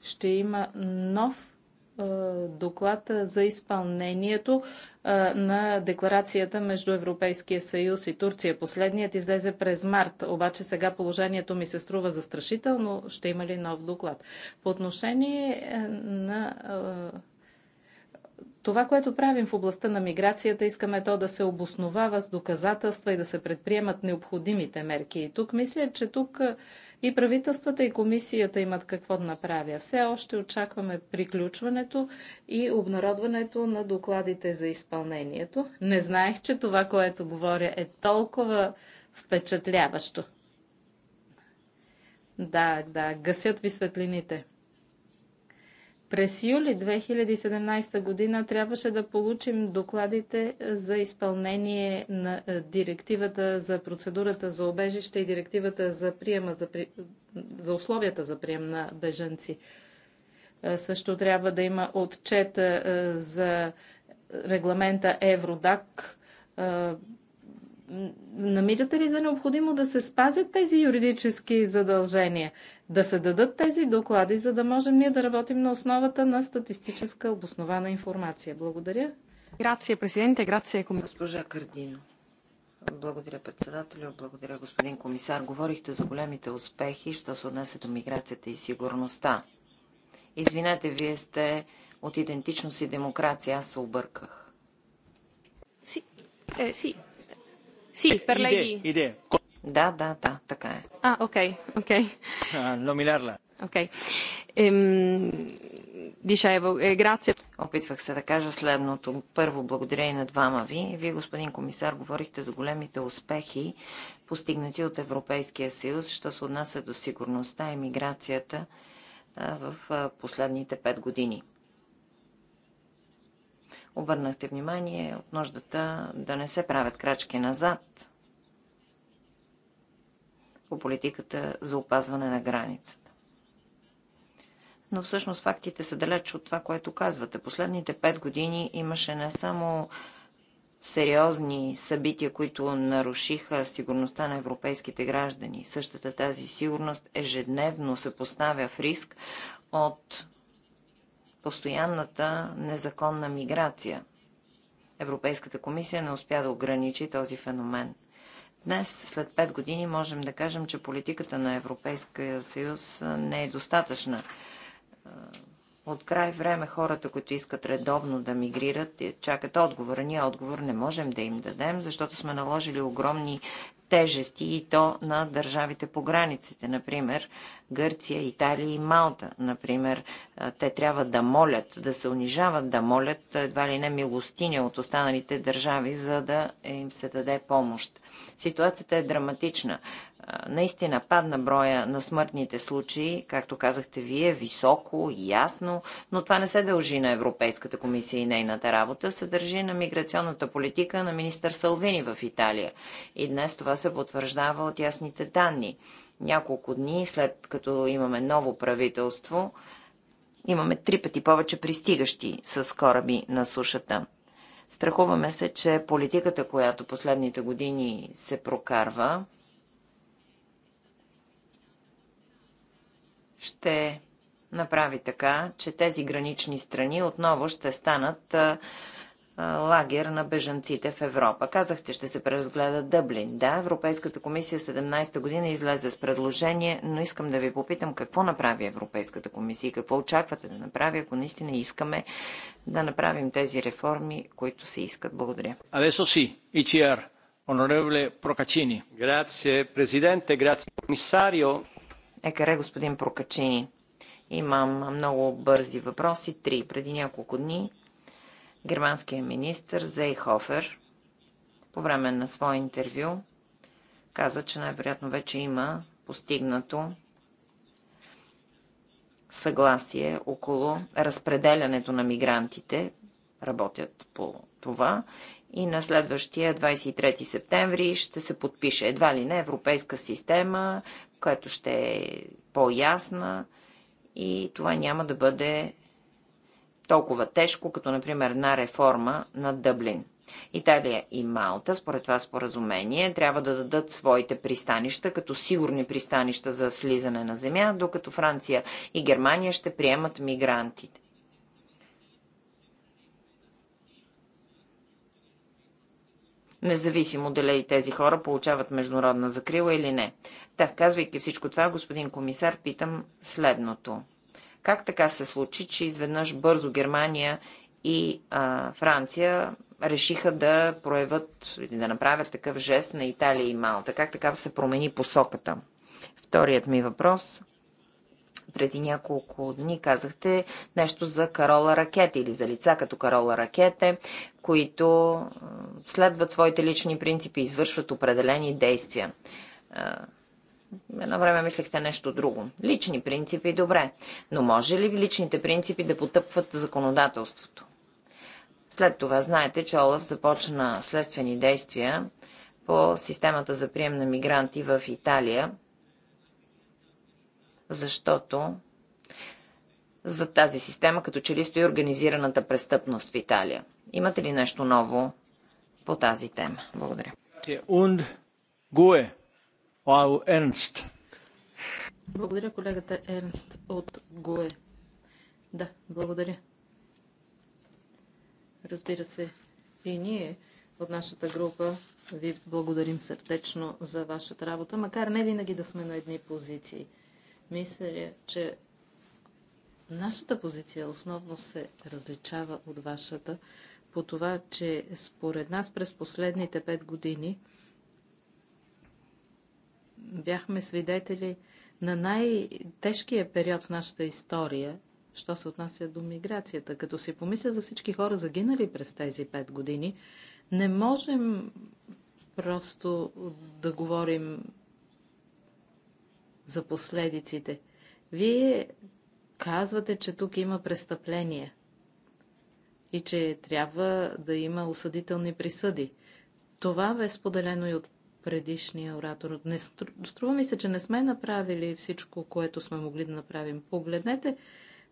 ще има нов е, доклад е, за изпълнението е, на декларацията между Европейския съюз и Турция. Последният излезе през март, обаче сега положението ми се струва застрашително. Ще има ли нов доклад? По отношение на това, което правим в областта на миграцията, искаме то да се обосновава с доказателства и да се предприемат необходимите мерки. И тук мисля, че тук и правителствата и комисията имат какво да направя. Все още очакваме приключването и обнародването на докладите за изпълнението. Не знаех, че това, което говоря, е толкова впечатляващо. Да, да, гасят ви светлините. През юли 2017 година трябваше да получим докладите за изпълнение на е, директивата за процедурата за обежище и директивата за, приема, за, при... за условията за прием на бежанци. Е, също трябва да има отчет е, за регламента Евродак Намирате ли за необходимо да се спазят тези юридически задължения, да се дадат тези доклади, за да можем ние да работим на основата на статистическа обоснована информация? Благодаря. Грация, президенте, грация, комисар. госпожа Кардино. Благодаря, председателю. Благодаря, господин комисар. Говорихте за големите успехи, що се отнася до миграцията и сигурността. Извинете, вие сте от идентичност и демокрация. Аз се обърках. Си. Е, си. Си, е, перлей Иде, Da, da, da, така е. А, окей, окей. Номинарла. Окей. Дишаево, грация. Опитвах се да кажа следното. Първо, благодаря и на двама ви. Вие, господин комисар, говорихте за големите успехи, постигнати от Европейския съюз, що се отнася до сигурността и миграцията в последните пет години. Обърнахте внимание от нуждата да не се правят крачки назад по политиката за опазване на границата. Но всъщност фактите са далеч от това, което казвате. Последните пет години имаше не само сериозни събития, които нарушиха сигурността на европейските граждани. Същата тази сигурност ежедневно се поставя в риск от постоянната незаконна миграция. Европейската комисия не успя да ограничи този феномен. Днес, след 5 години, можем да кажем, че политиката на Европейския съюз не е достатъчна. От край време хората, които искат редовно да мигрират, е, чакат отговора. Ние отговор не можем да им дадем, защото сме наложили огромни тежести и то на държавите по границите, например Гърция, Италия и Малта, например. Те трябва да молят, да се унижават, да молят едва ли не милостиня от останалите държави, за да им се даде помощ. Ситуацията е драматична наистина падна броя на смъртните случаи, както казахте вие, високо и ясно, но това не се дължи на Европейската комисия и нейната работа, се държи на миграционната политика на министър Салвини в Италия. И днес това се потвърждава от ясните данни. Няколко дни след като имаме ново правителство, имаме три пъти повече пристигащи с кораби на сушата. Страхуваме се, че политиката, която последните години се прокарва, ще направи така, че тези гранични страни отново ще станат лагер на бежанците в Европа. Казахте, ще се преразгледа Дъблин. Да, Европейската комисия 17-та година излезе с предложение, но искам да ви попитам какво направи Европейската комисия и какво очаквате да направи, ако наистина искаме да направим тези реформи, които се искат. Благодаря. Адесо си, ICR, onorevole Procaccini. Grazie, Presidente, grazie, Commissario. Екаре, господин Прокачини. Имам много бързи въпроси. Три. Преди няколко дни германският министр Зейхофер по време на свое интервю каза, че най-вероятно вече има постигнато съгласие около разпределянето на мигрантите. Работят по това. И на следващия 23 септември ще се подпише едва ли не европейска система която ще е по-ясна и това няма да бъде толкова тежко, като например една реформа на Дъблин. Италия и Малта, според това споразумение, трябва да дадат своите пристанища като сигурни пристанища за слизане на земя, докато Франция и Германия ще приемат мигрантите. независимо дали тези хора получават международна закрила или не. Та, казвайки всичко това, господин комисар, питам следното. Как така се случи, че изведнъж бързо Германия и а, Франция решиха да проявят или да направят такъв жест на Италия и Малта? Как така се промени посоката? Вторият ми въпрос преди няколко дни казахте нещо за Карола Ракет или за лица като Карола Ракете, които следват своите лични принципи и извършват определени действия. Едно време мислехте нещо друго. Лични принципи, добре. Но може ли личните принципи да потъпват законодателството? След това знаете, че Олаф започна следствени действия по системата за прием на мигранти в Италия, защото за тази система като че ли стои организираната престъпност в Италия. Имате ли нещо ново по тази тема? Благодаря. Благодаря колегата Ернст от ГУЕ. Да, благодаря. Разбира се, и ние от нашата група ви благодарим сърдечно за вашата работа, макар не винаги да сме на едни позиции – мисля, че нашата позиция основно се различава от вашата по това, че според нас през последните пет години бяхме свидетели на най-тежкия период в нашата история, що се отнася до миграцията. Като си помисля за всички хора загинали през тези пет години, не можем просто да говорим за последиците. Вие казвате, че тук има престъпление и че трябва да има осъдителни присъди. Това бе споделено и от предишния оратор. Не струва ми се, че не сме направили всичко, което сме могли да направим. Погледнете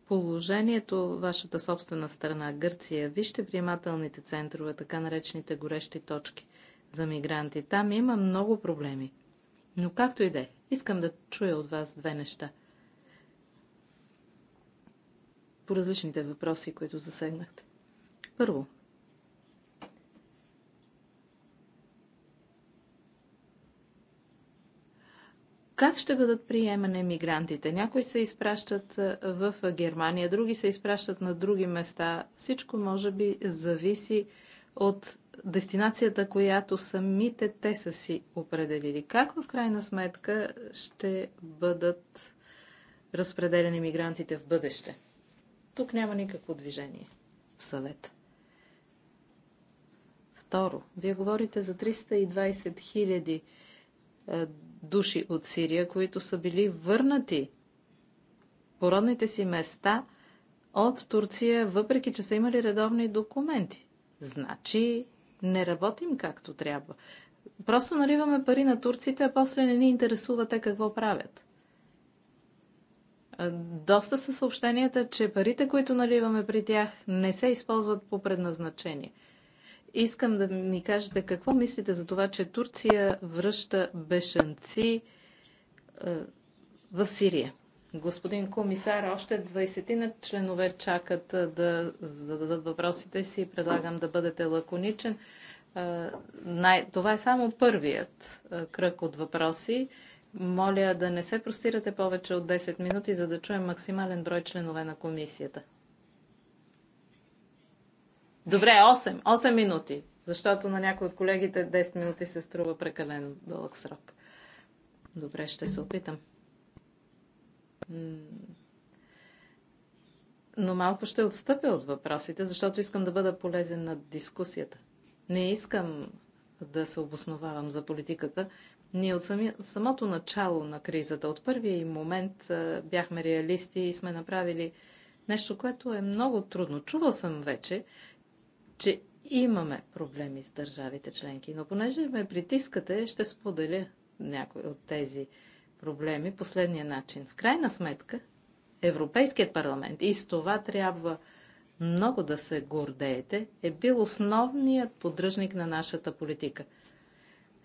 положението вашата собствена страна, Гърция. Вижте приемателните центрове, така наречените горещи точки за мигранти. Там има много проблеми. Но както и да е, искам да чуя от вас две неща. По различните въпроси, които засегнахте. Първо, Как ще бъдат приемани мигрантите? Някои се изпращат в Германия, други се изпращат на други места. Всичко може би зависи от дестинацията, която самите те са си определили. Как в крайна сметка ще бъдат разпределени мигрантите в бъдеще? Тук няма никакво движение в съвет. Второ, вие говорите за 320 хиляди е, души от Сирия, които са били върнати по родните си места от Турция, въпреки че са имали редовни документи. Значи не работим както трябва. Просто наливаме пари на турците, а после не ни интересува те какво правят. Доста са съобщенията, че парите, които наливаме при тях, не се използват по предназначение. Искам да ми кажете какво мислите за това, че Турция връща бешанци в Сирия. Господин комисар, още 20 на членове чакат да зададат въпросите си. Предлагам да бъдете лаконичен. Това е само първият кръг от въпроси. Моля да не се простирате повече от 10 минути, за да чуем максимален брой членове на комисията. Добре, 8. 8 минути, защото на някои от колегите 10 минути се струва прекалено дълъг срок. Добре, ще се опитам. Но малко ще отстъпя от въпросите, защото искам да бъда полезен на дискусията. Не искам да се обосновавам за политиката. Ние от сами, самото начало на кризата, от първия и момент бяхме реалисти и сме направили нещо, което е много трудно. Чувал съм вече, че имаме проблеми с държавите членки, но понеже ме притискате, ще споделя някои от тези проблеми последния начин. В крайна сметка, Европейският парламент, и с това трябва много да се гордеете, е бил основният поддръжник на нашата политика.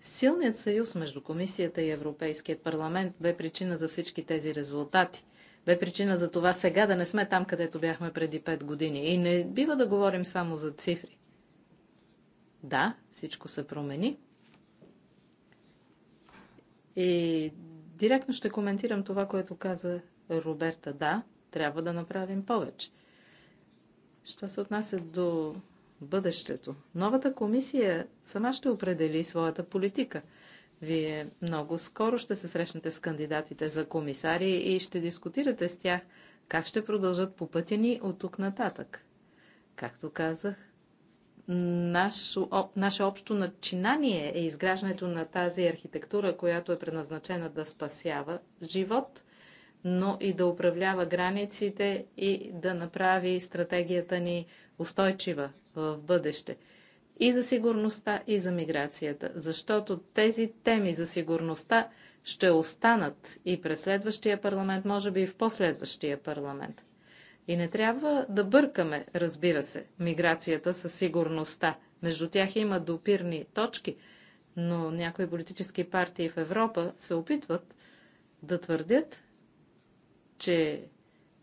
Силният съюз между Комисията и Европейският парламент бе причина за всички тези резултати. Бе причина за това сега да не сме там, където бяхме преди 5 години. И не бива да говорим само за цифри. Да, всичко се промени. И Директно ще коментирам това, което каза Роберта. Да, трябва да направим повече. Що се отнася до бъдещето? Новата комисия сама ще определи своята политика. Вие много скоро ще се срещнете с кандидатите за комисари и ще дискутирате с тях как ще продължат по пътя ни от тук нататък. Както казах, Нашо, наше общо начинание е изграждането на тази архитектура, която е предназначена да спасява живот, но и да управлява границите и да направи стратегията ни устойчива в бъдеще. И за сигурността, и за миграцията. Защото тези теми за сигурността ще останат и през следващия парламент, може би и в последващия парламент. И не трябва да бъркаме, разбира се, миграцията със сигурността. Между тях има допирни точки, но някои политически партии в Европа се опитват да твърдят, че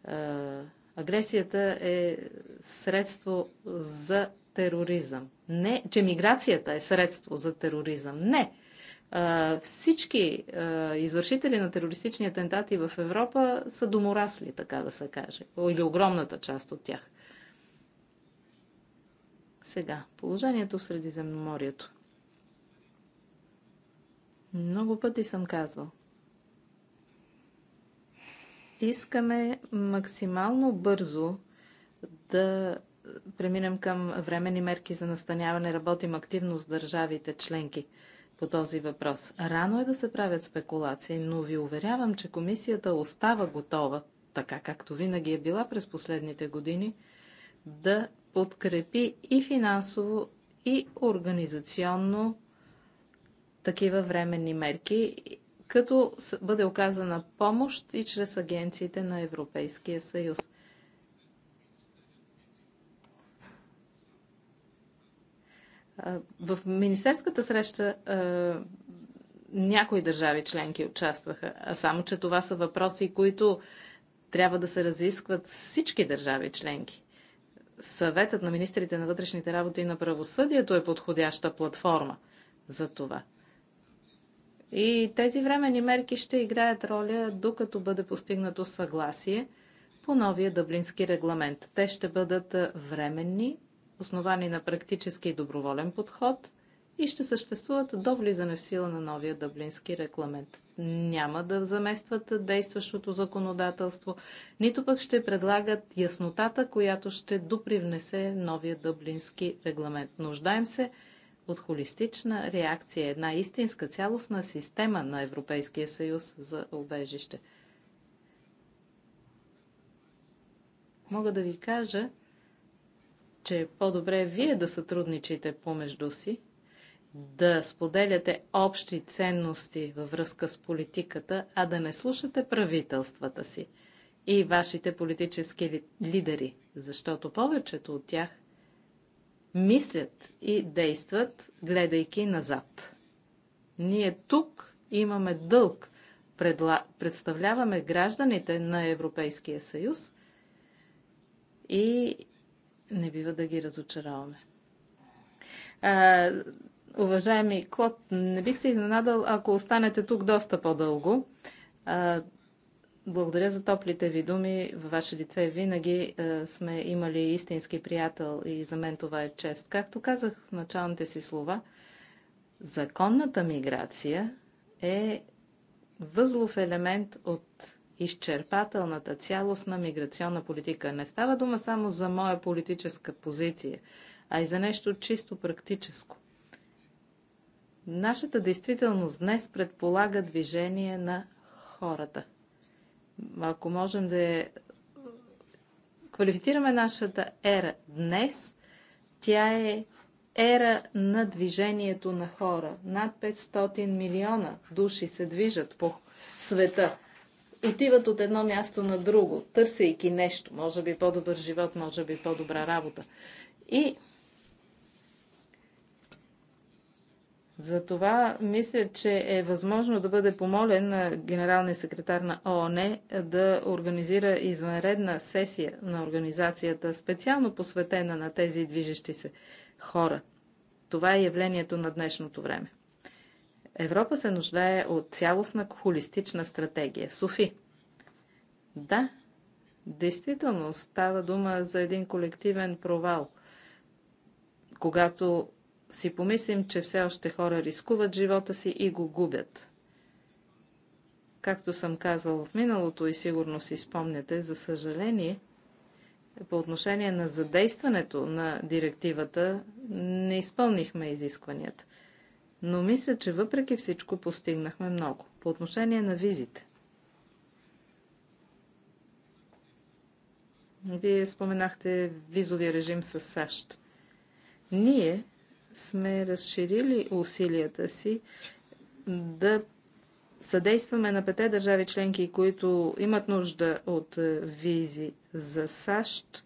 а, агресията е средство за тероризъм. Не, че миграцията е средство за тероризъм. Не! всички извършители на терористични атентати в Европа са доморасли, така да се каже, или огромната част от тях. Сега, положението в Средиземноморието. Много пъти съм казвал. Искаме максимално бързо да преминем към временни мерки за настаняване. Работим активно с държавите членки по този въпрос. Рано е да се правят спекулации, но ви уверявам, че комисията остава готова, така както винаги е била през последните години, да подкрепи и финансово, и организационно такива временни мерки, като бъде оказана помощ и чрез агенциите на Европейския съюз. В министерската среща някои държави членки участваха, а само, че това са въпроси, които трябва да се разискват всички държави членки. Съветът на министрите на вътрешните работи и на правосъдието е подходяща платформа за това. И тези времени мерки ще играят роля, докато бъде постигнато съгласие по новия дъблински регламент. Те ще бъдат временни основани на практически и доброволен подход и ще съществуват до влизане в сила на новия дъблински регламент. Няма да заместват действащото законодателство, нито пък ще предлагат яснотата, която ще допривнесе новия дъблински регламент. Нуждаем се от холистична реакция, една истинска цялостна система на Европейския съюз за обежище. Мога да ви кажа, че е по-добре вие да сътрудничите помежду си, да споделяте общи ценности във връзка с политиката, а да не слушате правителствата си и вашите политически лидери, защото повечето от тях мислят и действат, гледайки назад. Ние тук имаме дълг. Предла... Представляваме гражданите на Европейския съюз и не бива да ги разочароваме. А, уважаеми Клод, не бих се изненадал, ако останете тук доста по-дълго. Благодаря за топлите ви думи. Във ваше лице винаги а, сме имали истински приятел и за мен това е чест. Както казах в началните си слова, законната миграция е възлов елемент от изчерпателната цялостна миграционна политика. Не става дума само за моя политическа позиция, а и за нещо чисто практическо. Нашата действителност днес предполага движение на хората. Ако можем да е квалифицираме нашата ера днес, тя е ера на движението на хора. Над 500 милиона души се движат по света отиват от едно място на друго, търсейки нещо, може би по-добър живот, може би по-добра работа. И Затова мисля, че е възможно да бъде помолен генералния секретар на ООН е, да организира извънредна сесия на организацията, специално посветена на тези движещи се хора. Това е явлението на днешното време. Европа се нуждае от цялостна холистична стратегия. Софи. Да, действително става дума за един колективен провал. Когато си помислим, че все още хора рискуват живота си и го губят. Както съм казал в миналото и сигурно си спомняте, за съжаление, по отношение на задействането на директивата не изпълнихме изискванията но мисля, че въпреки всичко постигнахме много. По отношение на визите. Вие споменахте визовия режим с САЩ. Ние сме разширили усилията си да съдействаме на пете държави членки, които имат нужда от визи за САЩ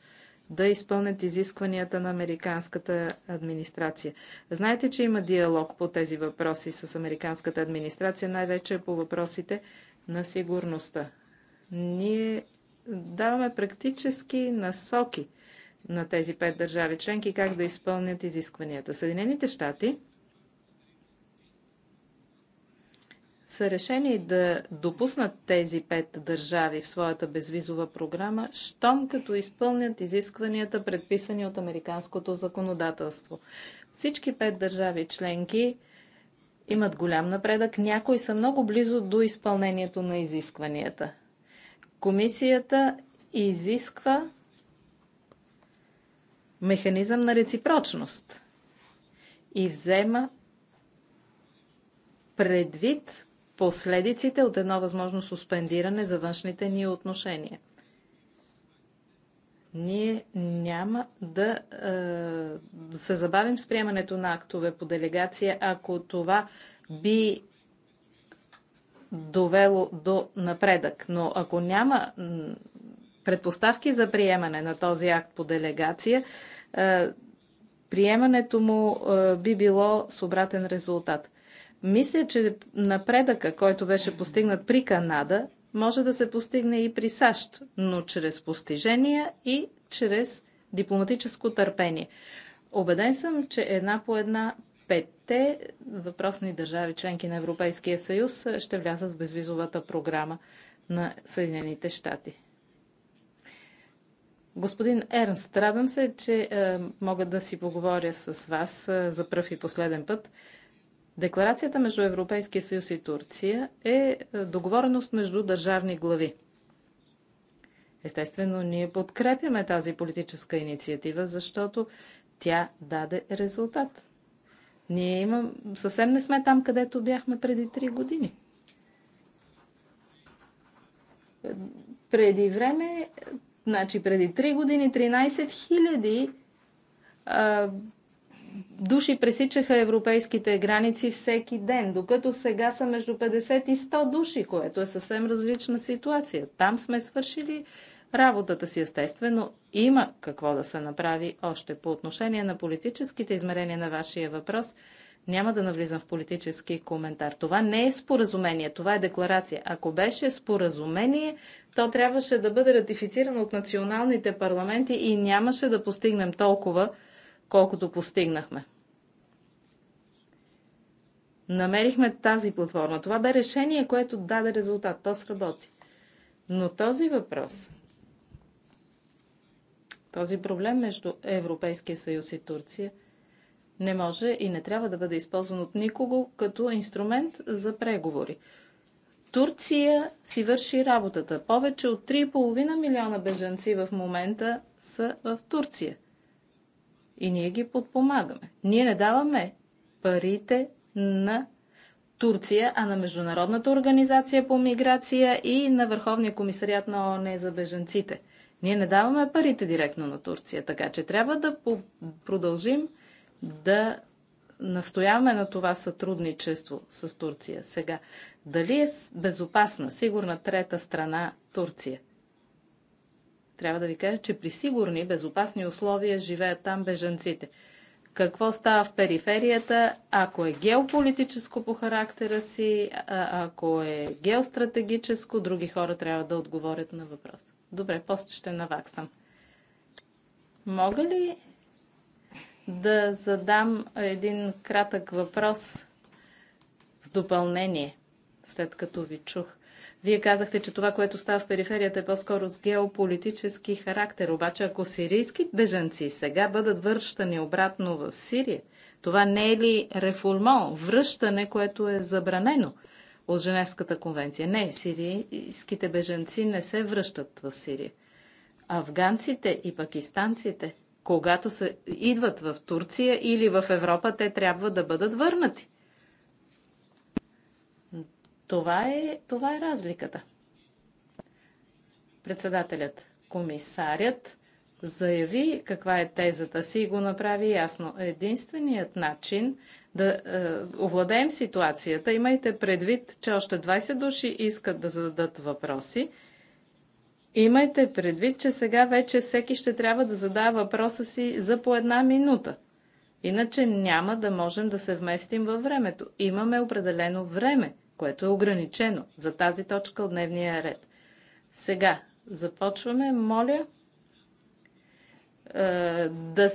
да изпълнят изискванията на американската администрация. Знаете, че има диалог по тези въпроси с американската администрация, най-вече по въпросите на сигурността. Ние даваме практически насоки на тези пет държави членки как да изпълнят изискванията. Съединените щати – са решени да допуснат тези пет държави в своята безвизова програма, щом като изпълнят изискванията, предписани от американското законодателство. Всички пет държави членки имат голям напредък, някои са много близо до изпълнението на изискванията. Комисията изисква механизъм на реципрочност и взема предвид последиците от едно възможно суспендиране за външните ни отношения. Ние няма да е, се забавим с приемането на актове по делегация, ако това би довело до напредък. Но ако няма предпоставки за приемане на този акт по делегация, е, приемането му е, би било с обратен резултат. Мисля, че напредъка, който беше постигнат при Канада, може да се постигне и при САЩ, но чрез постижения и чрез дипломатическо търпение. Обеден съм, че една по една петте въпросни държави, членки на Европейския съюз, ще влязат в безвизовата програма на Съединените щати. Господин Ернст, радвам се, че е, мога да си поговоря с вас е, за пръв и последен път. Декларацията между Европейския съюз и Турция е, е договореност между държавни глави. Естествено, ние подкрепяме тази политическа инициатива, защото тя даде резултат. Ние имам... съвсем не сме там, където бяхме преди три години. Преди време, значи преди три години, 13 000 души пресичаха европейските граници всеки ден, докато сега са между 50 и 100 души, което е съвсем различна ситуация. Там сме свършили работата си, естествено. Има какво да се направи още по отношение на политическите измерения на вашия въпрос. Няма да навлизам в политически коментар. Това не е споразумение, това е декларация. Ако беше споразумение, то трябваше да бъде ратифицирано от националните парламенти и нямаше да постигнем толкова, колкото постигнахме. Намерихме тази платформа. Това бе решение, което даде резултат. То сработи. Но този въпрос, този проблем между Европейския съюз и Турция не може и не трябва да бъде използван от никого като инструмент за преговори. Турция си върши работата. Повече от 3,5 милиона бежанци в момента са в Турция и ние ги подпомагаме. Ние не даваме парите на Турция, а на Международната организация по миграция и на Върховния комисариат на ОНЕ за беженците. Ние не даваме парите директно на Турция, така че трябва да продължим да настояваме на това сътрудничество с Турция сега. Дали е безопасна, сигурна трета страна Турция? Трябва да ви кажа, че при сигурни, безопасни условия живеят там бежанците. Какво става в периферията, ако е геополитическо по характера си, а ако е геостратегическо, други хора трябва да отговорят на въпроса. Добре, после ще наваксам. Мога ли да задам един кратък въпрос в допълнение, след като ви чух? Вие казахте, че това, което става в периферията е по-скоро с геополитически характер. Обаче, ако сирийски бежанци сега бъдат връщани обратно в Сирия, това не е ли реформон, връщане, което е забранено от Женевската конвенция? Не, сирийските бежанци не се връщат в Сирия. Афганците и пакистанците, когато се идват в Турция или в Европа, те трябва да бъдат върнати – това е, това е разликата. Председателят, комисарят, заяви каква е тезата си и го направи ясно. Единственият начин да е, овладеем ситуацията, имайте предвид, че още 20 души искат да зададат въпроси. Имайте предвид, че сега вече всеки ще трябва да задава въпроса си за по една минута. Иначе няма да можем да се вместим във времето. Имаме определено време което е ограничено за тази точка от дневния ред. Сега започваме. Моля е, да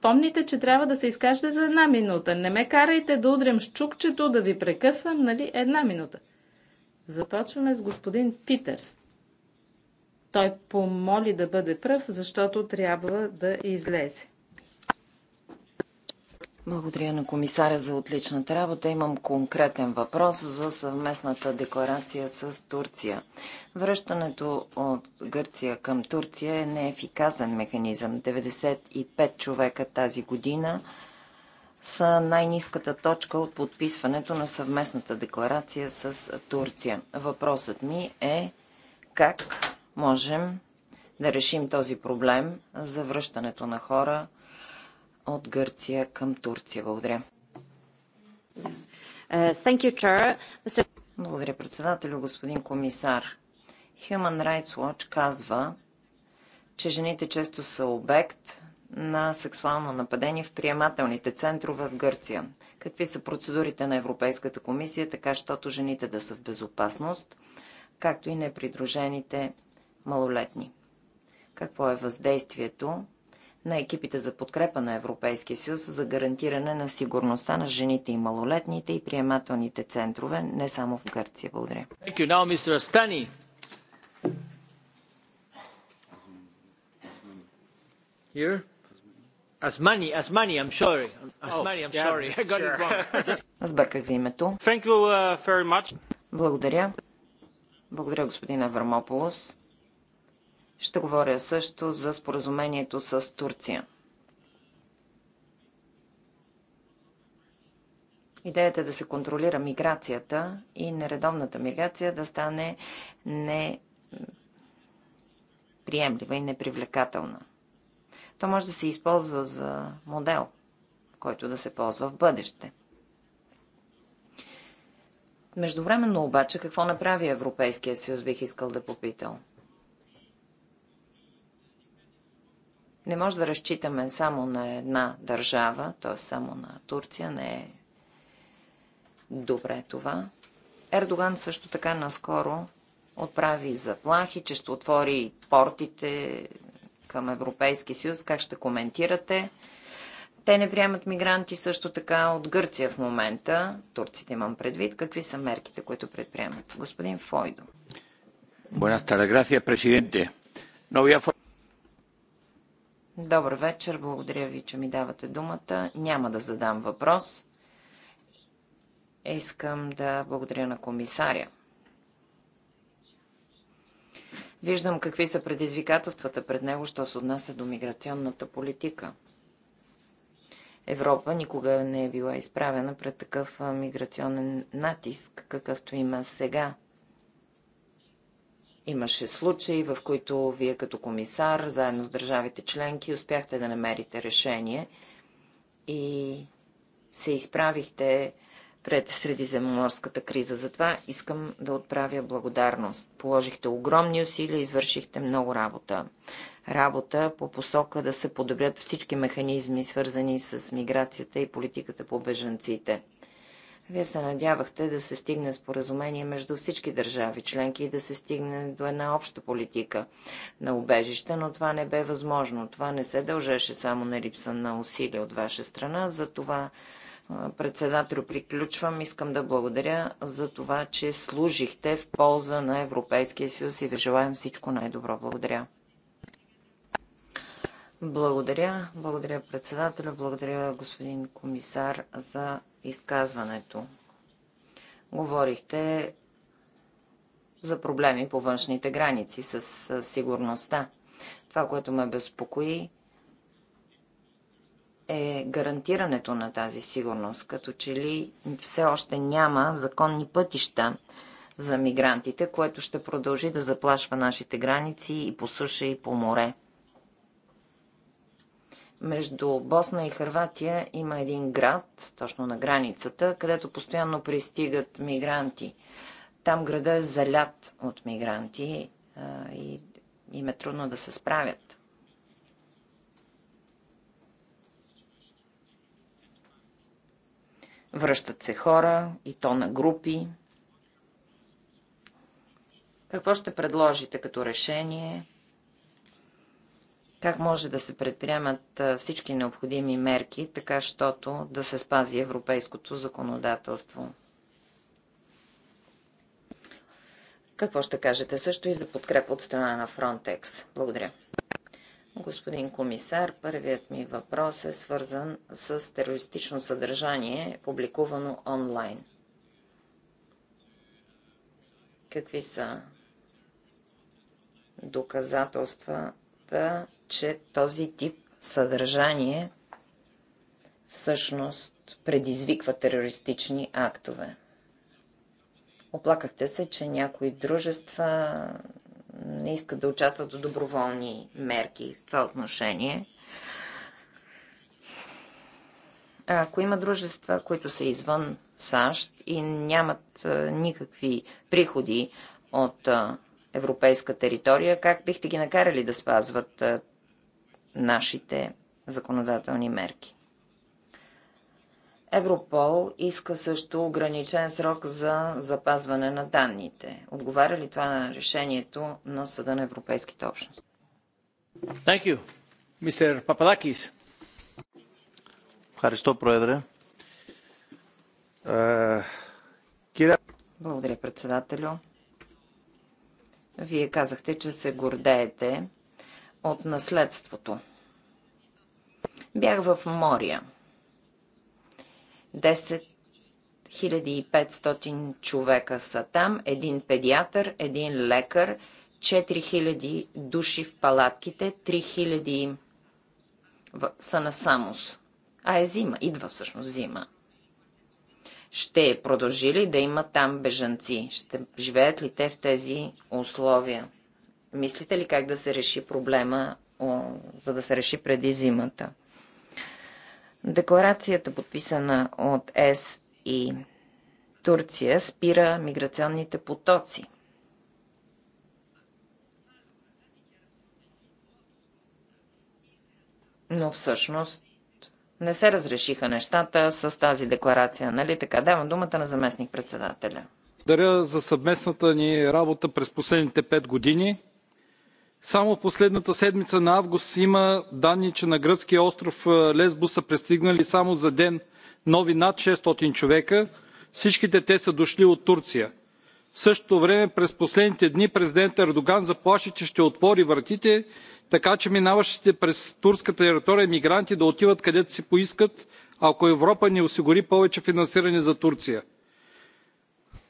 помните, че трябва да се изкажете за една минута. Не ме карайте да удрям с чукчето, да ви прекъсвам, нали? Една минута. Започваме с господин Питърс. Той помоли да бъде пръв, защото трябва да излезе. Благодаря на комисаря за отличната работа. Имам конкретен въпрос за съвместната декларация с Турция. Връщането от Гърция към Турция е неефиказен механизъм. 95 човека тази година са най-низката точка от подписването на съвместната декларация с Турция. Въпросът ми е как можем да решим този проблем за връщането на хора – от Гърция към Турция. Благодаря. Uh, you, Благодаря, председателю, господин комисар. Human Rights Watch казва, че жените често са обект на сексуално нападение в приемателните центрове в Гърция. Какви са процедурите на Европейската комисия, така щото жените да са в безопасност, както и непридружените малолетни? Какво е въздействието на екипите за подкрепа на Европейския съюз за гарантиране на сигурността на жените и малолетните и приемателните центрове, не само в Гърция. Благодаря. I'm sorry. I'm oh, sorry. I got it wrong. Сбърках ви името. Thank you uh, very much. Благодаря. Благодаря, господин Аврамополос. Ще говоря също за споразумението с Турция. Идеята е да се контролира миграцията и нередовната миграция да стане неприемлива и непривлекателна. То може да се използва за модел, който да се ползва в бъдеще. Междувременно обаче какво направи Европейския съюз, бих искал да попитал – Не може да разчитаме само на една държава, т.е. само на Турция. Не е добре това. Ердоган също така наскоро отправи заплахи, че ще отвори портите към Европейски съюз. Как ще коментирате? Те не приемат мигранти също така от Гърция в момента. Турците имам предвид. Какви са мерките, които предприемат? Господин Фойдо. Buenas tardes, gracias, presidente. No Добър вечер, благодаря ви, че ми давате думата. Няма да задам въпрос. Искам да благодаря на комисаря. Виждам какви са предизвикателствата пред него, що се отнася до миграционната политика. Европа никога не е била изправена пред такъв миграционен натиск, какъвто има сега – Имаше случаи, в които вие като комисар, заедно с държавите членки, успяхте да намерите решение и се изправихте пред средиземноморската криза. Затова искам да отправя благодарност. Положихте огромни усилия, извършихте много работа. Работа по посока да се подобрят всички механизми, свързани с миграцията и политиката по бежанците – вие се надявахте да се стигне споразумение между всички държави членки и да се стигне до една обща политика на убежище, но това не бе възможно. Това не се дължеше само на липса на усилия от ваша страна, за това председател, приключвам. Искам да благодаря за това, че служихте в полза на Европейския съюз и ви желаем всичко най-добро. Благодаря. Благодаря. Благодаря председателя. Благодаря господин комисар за изказването. Говорихте за проблеми по външните граници с сигурността. Това, което ме безпокои, е гарантирането на тази сигурност, като че ли все още няма законни пътища за мигрантите, което ще продължи да заплашва нашите граници и по суша, и по море между Босна и Харватия има един град, точно на границата, където постоянно пристигат мигранти. Там града е залят от мигранти а, и им е трудно да се справят. Връщат се хора и то на групи. Какво ще предложите като решение? как може да се предприемат всички необходими мерки, така щото да се спази европейското законодателство. Какво ще кажете също и за подкрепа от страна на Frontex? Благодаря. Господин комисар, първият ми въпрос е свързан с терористично съдържание, публикувано онлайн. Какви са доказателствата че този тип съдържание всъщност предизвиква терористични актове. Оплакахте се, че някои дружества не искат да участват в доброволни мерки в това отношение. ако има дружества, които са извън САЩ и нямат никакви приходи от европейска територия, как бихте ги накарали да спазват нашите законодателни мерки. Европол иска също ограничен срок за запазване на данните. Отговаря ли това на решението на Съда на Европейските общности? Thank you. Mr. Papadakis. Е, кира... Благодаря, председателю. Вие казахте, че се гордеете от наследството. Бях в моря. 10 човека са там, един педиатър, един лекар, 4000 души в палатките, 3000 са на самос. А е зима, идва всъщност зима. Ще продължи ли да има там бежанци? Ще живеят ли те в тези условия? Мислите ли как да се реши проблема, за да се реши преди зимата? Декларацията, подписана от ЕС и Турция, спира миграционните потоци. Но всъщност не се разрешиха нещата с тази декларация, нали така? Давам думата на заместник председателя. Благодаря за съвместната ни работа през последните пет години. Само последната седмица на август има данни, че на гръцкия остров е, Лесбо са пристигнали само за ден нови над 600 човека. Всичките те са дошли от Турция. В същото време през последните дни президент Ердоган заплаши, че ще отвори вратите, така че минаващите през турска територия мигранти да отиват където си поискат, ако Европа не осигури повече финансиране за Турция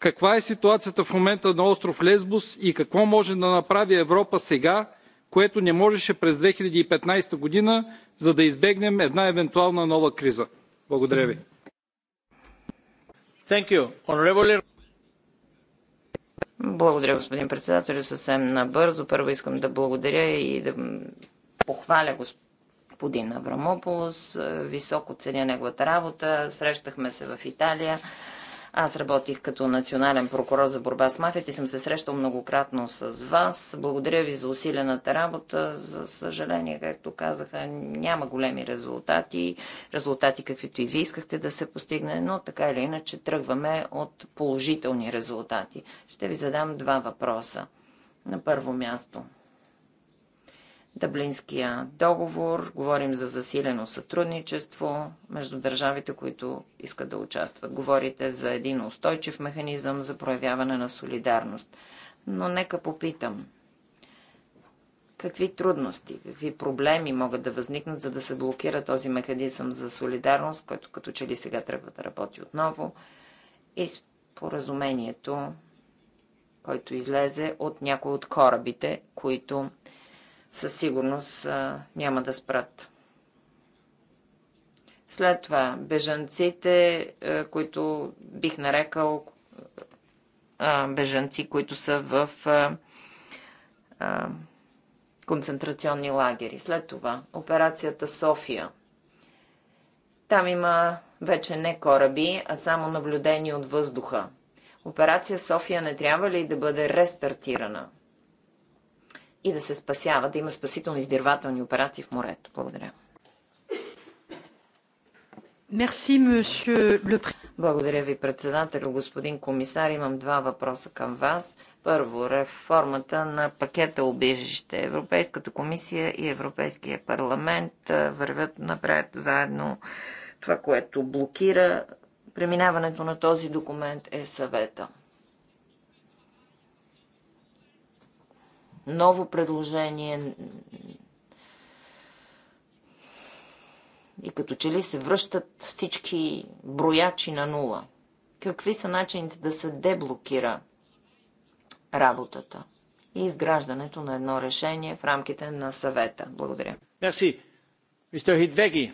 каква е ситуацията в момента на остров Лесбос и какво може да направи Европа сега, което не можеше през 2015 година, за да избегнем една евентуална нова криза. Благодаря ви. Благодаря, господин председател. Съвсем набързо. Първо искам да благодаря и да похваля господин Аврамополос. Високо ценя неговата работа. Срещахме се в Италия. Аз работих като национален прокурор за борба с мафията и съм се срещал многократно с вас. Благодаря ви за усилената работа. За съжаление, както казаха, няма големи резултати. Резултати, каквито и вие искахте да се постигне, но така или иначе тръгваме от положителни резултати. Ще ви задам два въпроса. На първо място – Дъблинския договор, говорим за засилено сътрудничество между държавите, които искат да участват. Говорите за един устойчив механизъм за проявяване на солидарност. Но нека попитам, какви трудности, какви проблеми могат да възникнат, за да се блокира този механизъм за солидарност, който като че ли сега трябва да работи отново, и споразумението, който излезе от някои от корабите, които със сигурност няма да спрат. След това, бежанците, които бих нарекал бежанци, които са в концентрационни лагери. След това, операцията София. Там има вече не кораби, а само наблюдение от въздуха. Операция София не трябва ли да бъде рестартирана? и да се спасява, да има спасително-издирвателни операции в морето. Благодаря. Благодаря ви, председател, господин комисар. Имам два въпроса към вас. Първо, реформата на пакета обижище. Европейската комисия и Европейския парламент вървят напред заедно. Това, което блокира преминаването на този документ е съвета. ново предложение. И като че ли се връщат всички броячи на нула. Какви са начините да се деблокира работата и изграждането на едно решение в рамките на съвета? Благодаря. Мерси. Mr.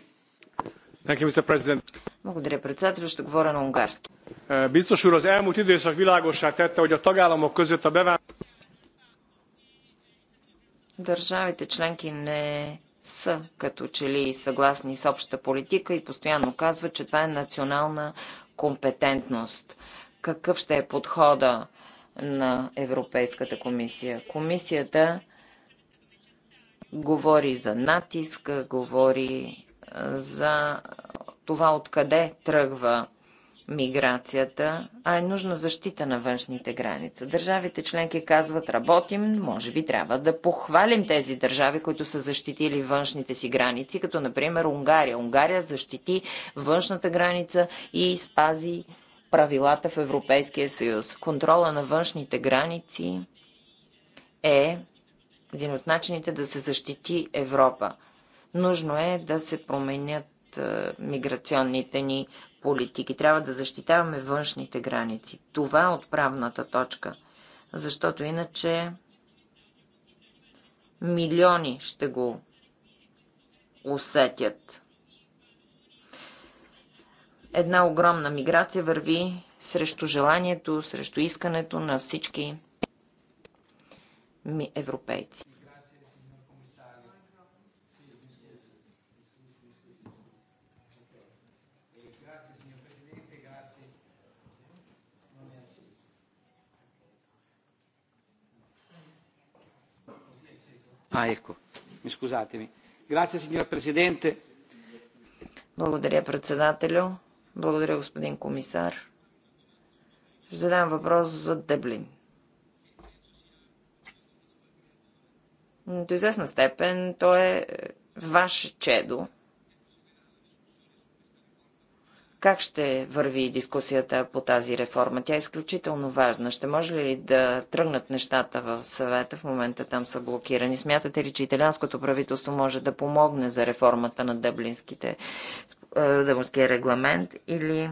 President. Благодаря, председател. Ще говоря на унгарски. Е, biztos úr, az elmúlt időszak világossá tette, hogy a tagállamok között a Държавите членки не са като че ли съгласни с общата политика и постоянно казват, че това е национална компетентност. Какъв ще е подхода на Европейската комисия? Комисията говори за натиск, говори за това откъде тръгва миграцията, а е нужна защита на външните граници. Държавите членки казват, работим, може би трябва да похвалим тези държави, които са защитили външните си граници, като например Унгария. Унгария защити външната граница и спази правилата в Европейския съюз. Контрола на външните граници е един от начините да се защити Европа. Нужно е да се променят миграционните ни политики. Трябва да защитаваме външните граници. Това е отправната точка. Защото иначе милиони ще го усетят. Една огромна миграция върви срещу желанието, срещу искането на всички европейци. А, еко. Ми Благодаря, председателю. Благодаря, господин комисар. Ще задам въпрос за Дъблин. До известна степен то е ваше чедо, как ще върви дискусията по тази реформа? Тя е изключително важна. Ще може ли да тръгнат нещата в съвета? В момента там са блокирани. Смятате ли, че италианското правителство може да помогне за реформата на дъблинските, е, дъблинския регламент или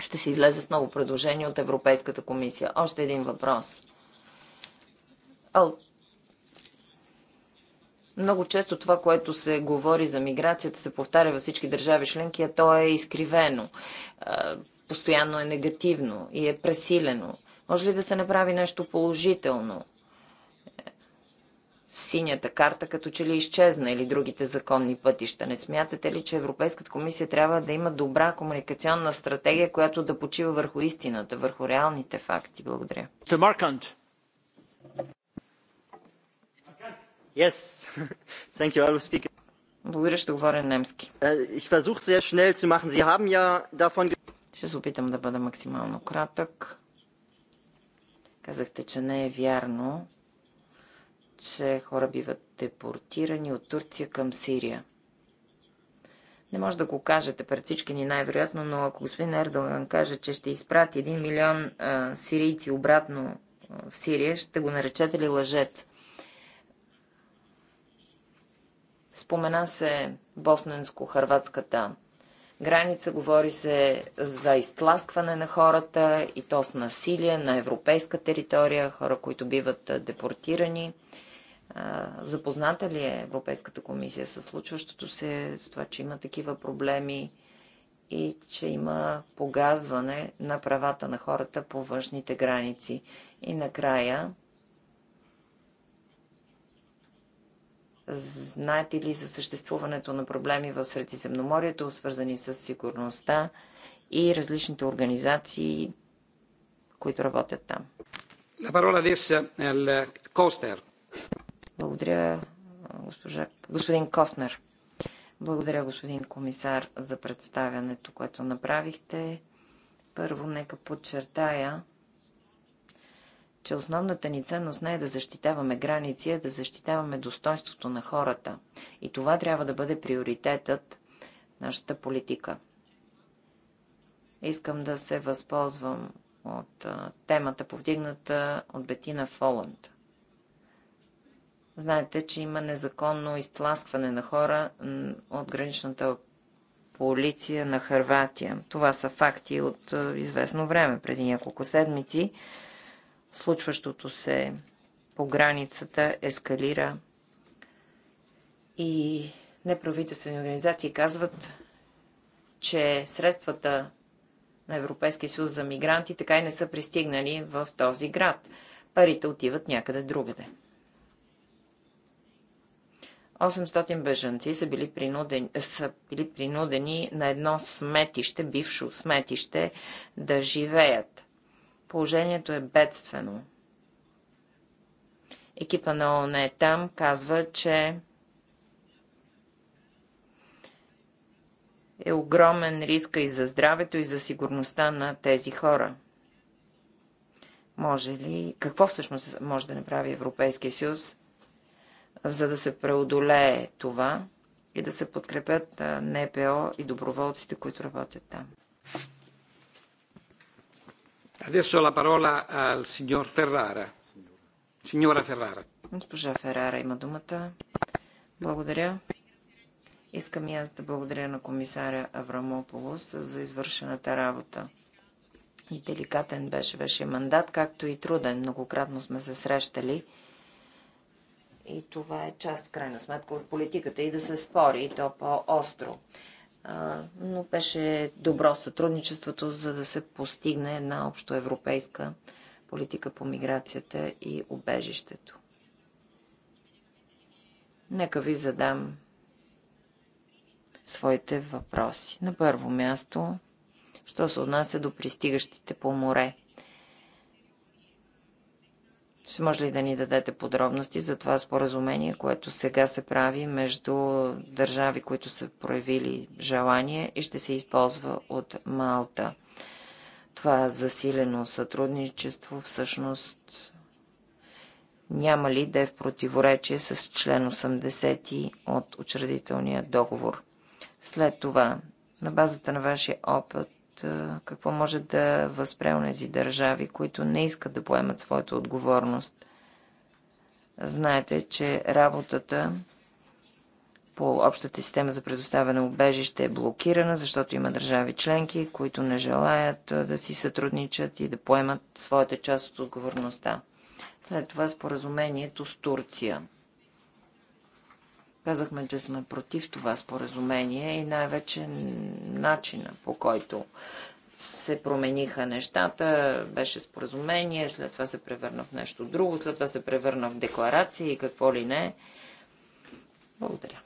ще се излезе с ново предложение от Европейската комисия? Още един въпрос. Много често това, което се говори за миграцията, се повтаря във всички държави членки, а то е изкривено, постоянно е негативно и е пресилено. Може ли да се направи нещо положително? синята карта като че ли изчезна или другите законни пътища. Не смятате ли, че Европейската комисия трябва да има добра комуникационна стратегия, която да почива върху истината, върху реалните факти? Благодаря. Благодаря, ще говоря немски. Е, ще се опитам да бъда максимално кратък. Казахте, че не е вярно, че хора биват депортирани от Турция към Сирия. Не може да го кажете пред всички ни най-вероятно, но ако господин Ердоган каже, че ще изпрати 1 милион а, сирийци обратно в Сирия, ще го наречете ли лъжец? Спомена се босненско-хрватската граница, говори се за изтласкване на хората и то с насилие на европейска територия, хора, които биват депортирани. Запозната ли е Европейската комисия със случващото се, с това, че има такива проблеми и че има погазване на правата на хората по външните граници? И накрая, знаете ли за съществуването на проблеми в Средиземноморието, свързани с сигурността и различните организации, които работят там? Благодаря, госпожа... господин Коснер. Благодаря, господин комисар, за представянето, което направихте. Първо, нека подчертая, че основната ни ценност не е да защитаваме граници, а да защитаваме достоинството на хората. И това трябва да бъде приоритетът нашата политика. Искам да се възползвам от темата, повдигната от Бетина Фоланд. Знаете, че има незаконно изтласкване на хора от граничната полиция на Харватия. Това са факти от известно време, преди няколко седмици случващото се по границата ескалира и неправителствени организации казват, че средствата на Европейския съюз за мигранти така и не са пристигнали в този град. Парите отиват някъде другаде. 800 бежанци са били, принудени, са били принудени на едно сметище, бившо сметище, да живеят. Положението е бедствено. Екипа на ООН е там, казва, че е огромен риска и за здравето, и за сигурността на тези хора. Може ли, какво всъщност може да направи Европейския съюз, за да се преодолее това и да се подкрепят НПО и доброволците, които работят там? Adesso la parola al signor Ferrara. Феррара. Госпожа Феррара има думата. Благодаря. Искам и аз да благодаря на комисаря Аврамополос за извършената работа. Деликатен беше вашия мандат, както и труден. Многократно сме се срещали. И това е част, в крайна сметка, от политиката и да се спори, и то по-остро но беше добро сътрудничеството, за да се постигне една общоевропейска политика по миграцията и убежището. Нека ви задам своите въпроси. На първо място, що се отнася до пристигащите по море? Ще може ли да ни дадете подробности за това споразумение, което сега се прави между държави, които са проявили желание и ще се използва от Малта? Това засилено сътрудничество всъщност няма ли да е в противоречие с член 80 от учредителния договор? След това, на базата на вашия опит, какво може да възпре тези държави, които не искат да поемат своята отговорност. Знаете, че работата по общата система за предоставяне убежище е блокирана, защото има държави членки, които не желаят да си сътрудничат и да поемат своята част от отговорността. След това споразумението с Турция – Казахме, че сме против това споразумение и най-вече начина по който се промениха нещата. Беше споразумение, след това се превърна в нещо друго, след това се превърна в декларация и какво ли не. Благодаря.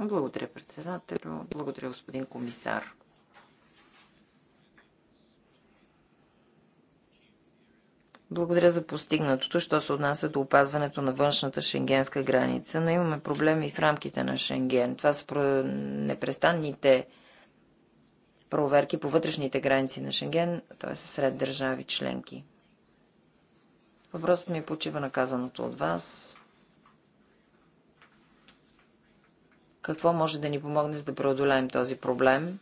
Благодаря, председател, Благодаря, господин комисар. Благодаря за постигнатото, що се отнася до опазването на външната шенгенска граница, но имаме проблеми в рамките на Шенген. Това са непрестанните проверки по вътрешните граници на Шенген, т.е. сред държави членки. Въпросът ми е почива на казаното от вас. Какво може да ни помогне за да преодолеем този проблем?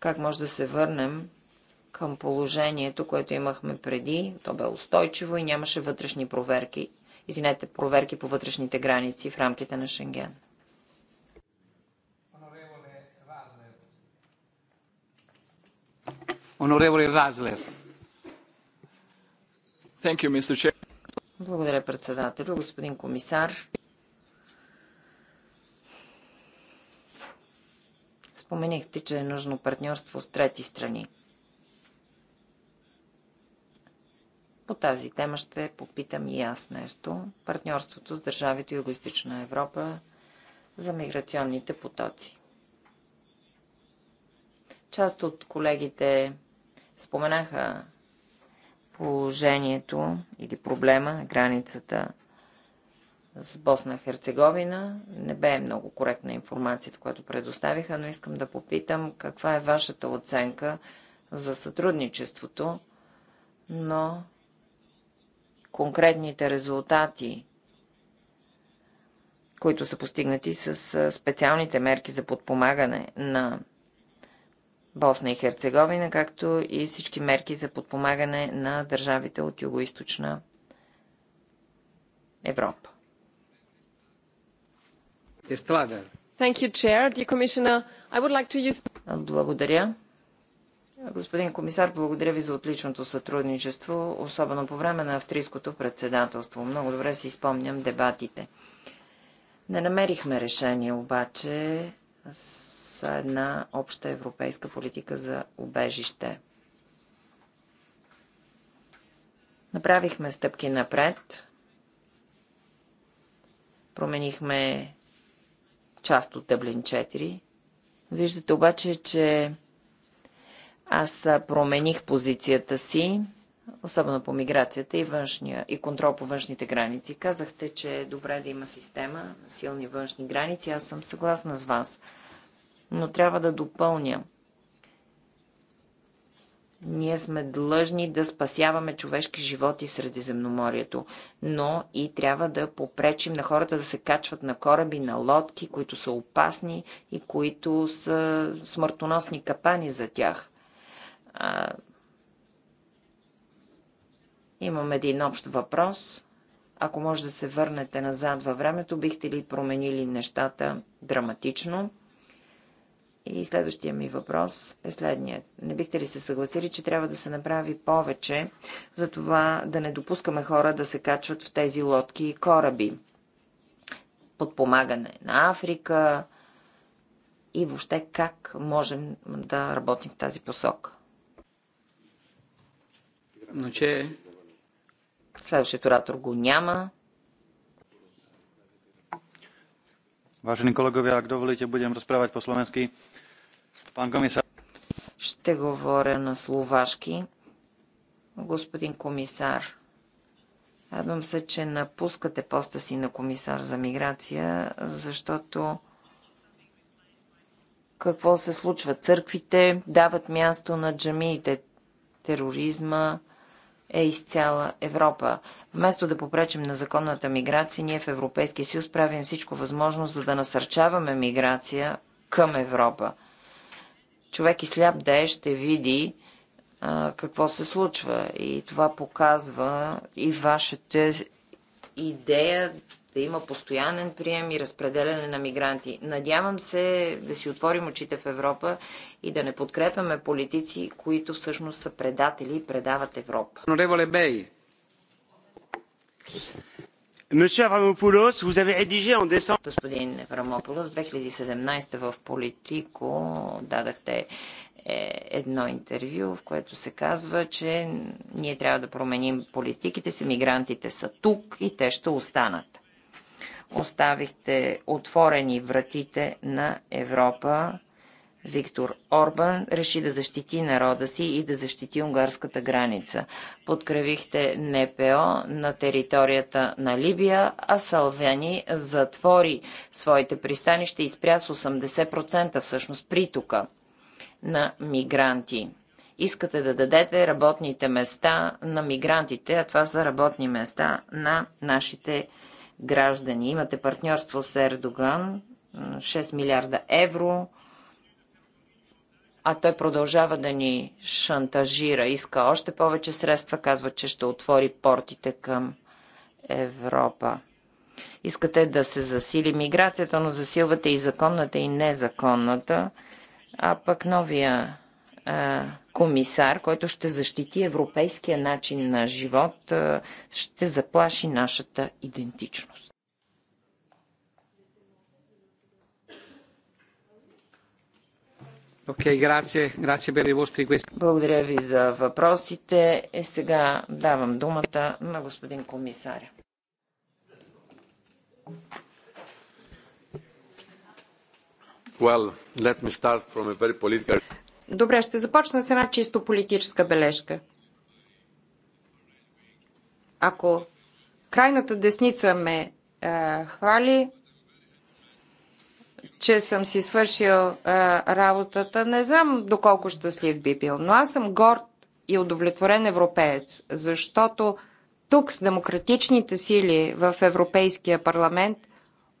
Как може да се върнем към положението, което имахме преди. То бе устойчиво и нямаше вътрешни проверки. Извинете, проверки по вътрешните граници в рамките на Шенген. Онореволе Вазлер. You, Благодаря, председателю. Господин комисар, споменихте, че е нужно партньорство с трети страни. По тази тема ще попитам и аз нещо. Партньорството с държавите Юго-Истична Европа за миграционните потоци. Част от колегите споменаха положението или проблема на границата с Босна-Херцеговина. Не бе много коректна информацията, която предоставиха, но искам да попитам каква е вашата оценка за сътрудничеството, но конкретните резултати, които са постигнати с специалните мерки за подпомагане на Босна и Херцеговина, както и всички мерки за подпомагане на държавите от Юго-Источна Европа. Е, Благодаря. Господин комисар, благодаря ви за отличното сътрудничество, особено по време на австрийското председателство. Много добре си изпомням дебатите. Не намерихме решение обаче с една обща европейска политика за убежище. Направихме стъпки напред, променихме част от Дъблин 4. Виждате обаче, че аз промених позицията си, особено по миграцията и, външния, и контрол по външните граници. Казахте, че е добре да има система на силни външни граници. Аз съм съгласна с вас. Но трябва да допълня. Ние сме длъжни да спасяваме човешки животи в Средиземноморието, но и трябва да попречим на хората да се качват на кораби, на лодки, които са опасни и които са смъртоносни капани за тях. А, имам един общ въпрос. Ако може да се върнете назад във времето, бихте ли променили нещата драматично? И следващия ми въпрос е следният. Не бихте ли се съгласили, че трябва да се направи повече за това да не допускаме хора да се качват в тези лодки и кораби? Подпомагане на Африка и въобще как можем да работим в тази посока? Ноче. Следващият оратор го няма. Vážení колегови, ако доволите, будем разправят по-словенски. Пан комисар... Ще говоря на словашки. Господин комисар, радвам се, че напускате поста си на комисар за миграция, защото какво се случва? Църквите дават място на джамиите, тероризма, е из цяла Европа. Вместо да попречим на законната миграция, ние в Европейския съюз правим всичко възможно, за да насърчаваме миграция към Европа. Човек и сляп да е, ще види а, какво се случва. И това показва и вашата идея да има постоянен прием и разпределяне на мигранти. Надявам се да си отворим очите в Европа и да не подкрепяме политици, които всъщност са предатели и предават Европа. Monsieur Avramopoulos, vous Господин Аврамополос, 2017 в Политико дадахте е, едно интервю, в което се казва, че ние трябва да променим политиките си, мигрантите са тук и те ще останат. Оставихте отворени вратите на Европа. Виктор Орбан реши да защити народа си и да защити унгарската граница. Подкревихте НПО на територията на Либия, а Салвяни затвори своите пристанища и спря с 80% всъщност притока на мигранти. Искате да дадете работните места на мигрантите, а това са работни места на нашите граждани. Имате партньорство с Ердоган, 6 милиарда евро, а той продължава да ни шантажира, иска още повече средства, казва, че ще отвори портите към Европа. Искате да се засили миграцията, но засилвате и законната и незаконната, а пък новия комисар, който ще защити европейския начин на живот, ще заплаши нашата идентичност. Okay, grazie. Grazie per i vostri Благодаря ви за въпросите. Е, сега давам думата на господин комисаря. Well, let me start from a very political... Добре, ще започна с една чисто политическа бележка. Ако крайната десница ме е, хвали, че съм си свършил е, работата, не знам доколко щастлив би бил, но аз съм горд и удовлетворен европеец, защото тук с демократичните сили в Европейския парламент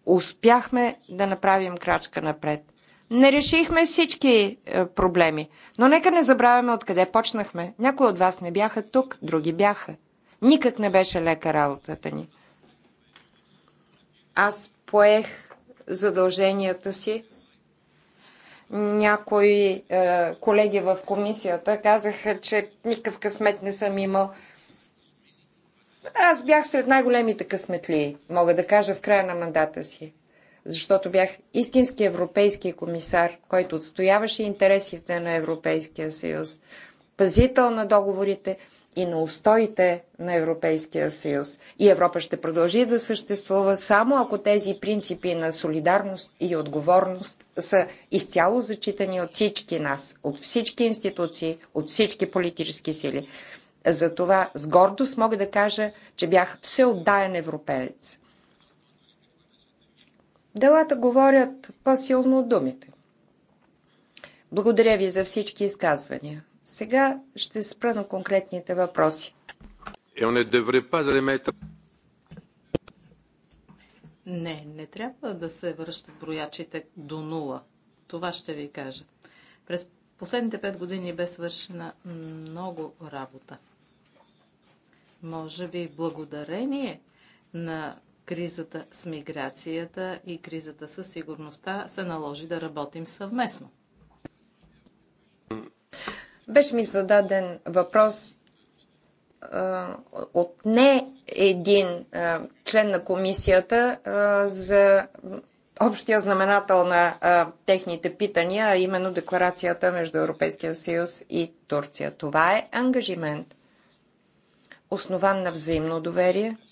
успяхме да направим крачка напред не решихме всички е, проблеми. Но нека не забравяме откъде почнахме. Някои от вас не бяха тук, други бяха. Никак не беше лека работата ни. Аз поех задълженията си. Някои е, колеги в комисията казаха, че никакъв късмет не съм имал. Аз бях сред най-големите късметли, мога да кажа, в края на мандата си защото бях истински европейски комисар, който отстояваше интересите на Европейския съюз, пазител на договорите и на устоите на Европейския съюз. И Европа ще продължи да съществува само ако тези принципи на солидарност и отговорност са изцяло зачитани от всички нас, от всички институции, от всички политически сили. Затова с гордост мога да кажа, че бях всеотдаен европеец. Делата говорят по-силно от думите. Благодаря ви за всички изказвания. Сега ще спра на конкретните въпроси. Е, е не, не трябва да се връщат броячите до нула. Това ще ви кажа. През последните пет години бе свършена много работа. Може би благодарение на кризата с миграцията и кризата със сигурността се наложи да работим съвместно. Беше ми зададен въпрос а, от не един а, член на комисията а, за общия знаменател на а, техните питания, а именно декларацията между Европейския съюз и Турция. Това е ангажимент, основан на взаимно доверие –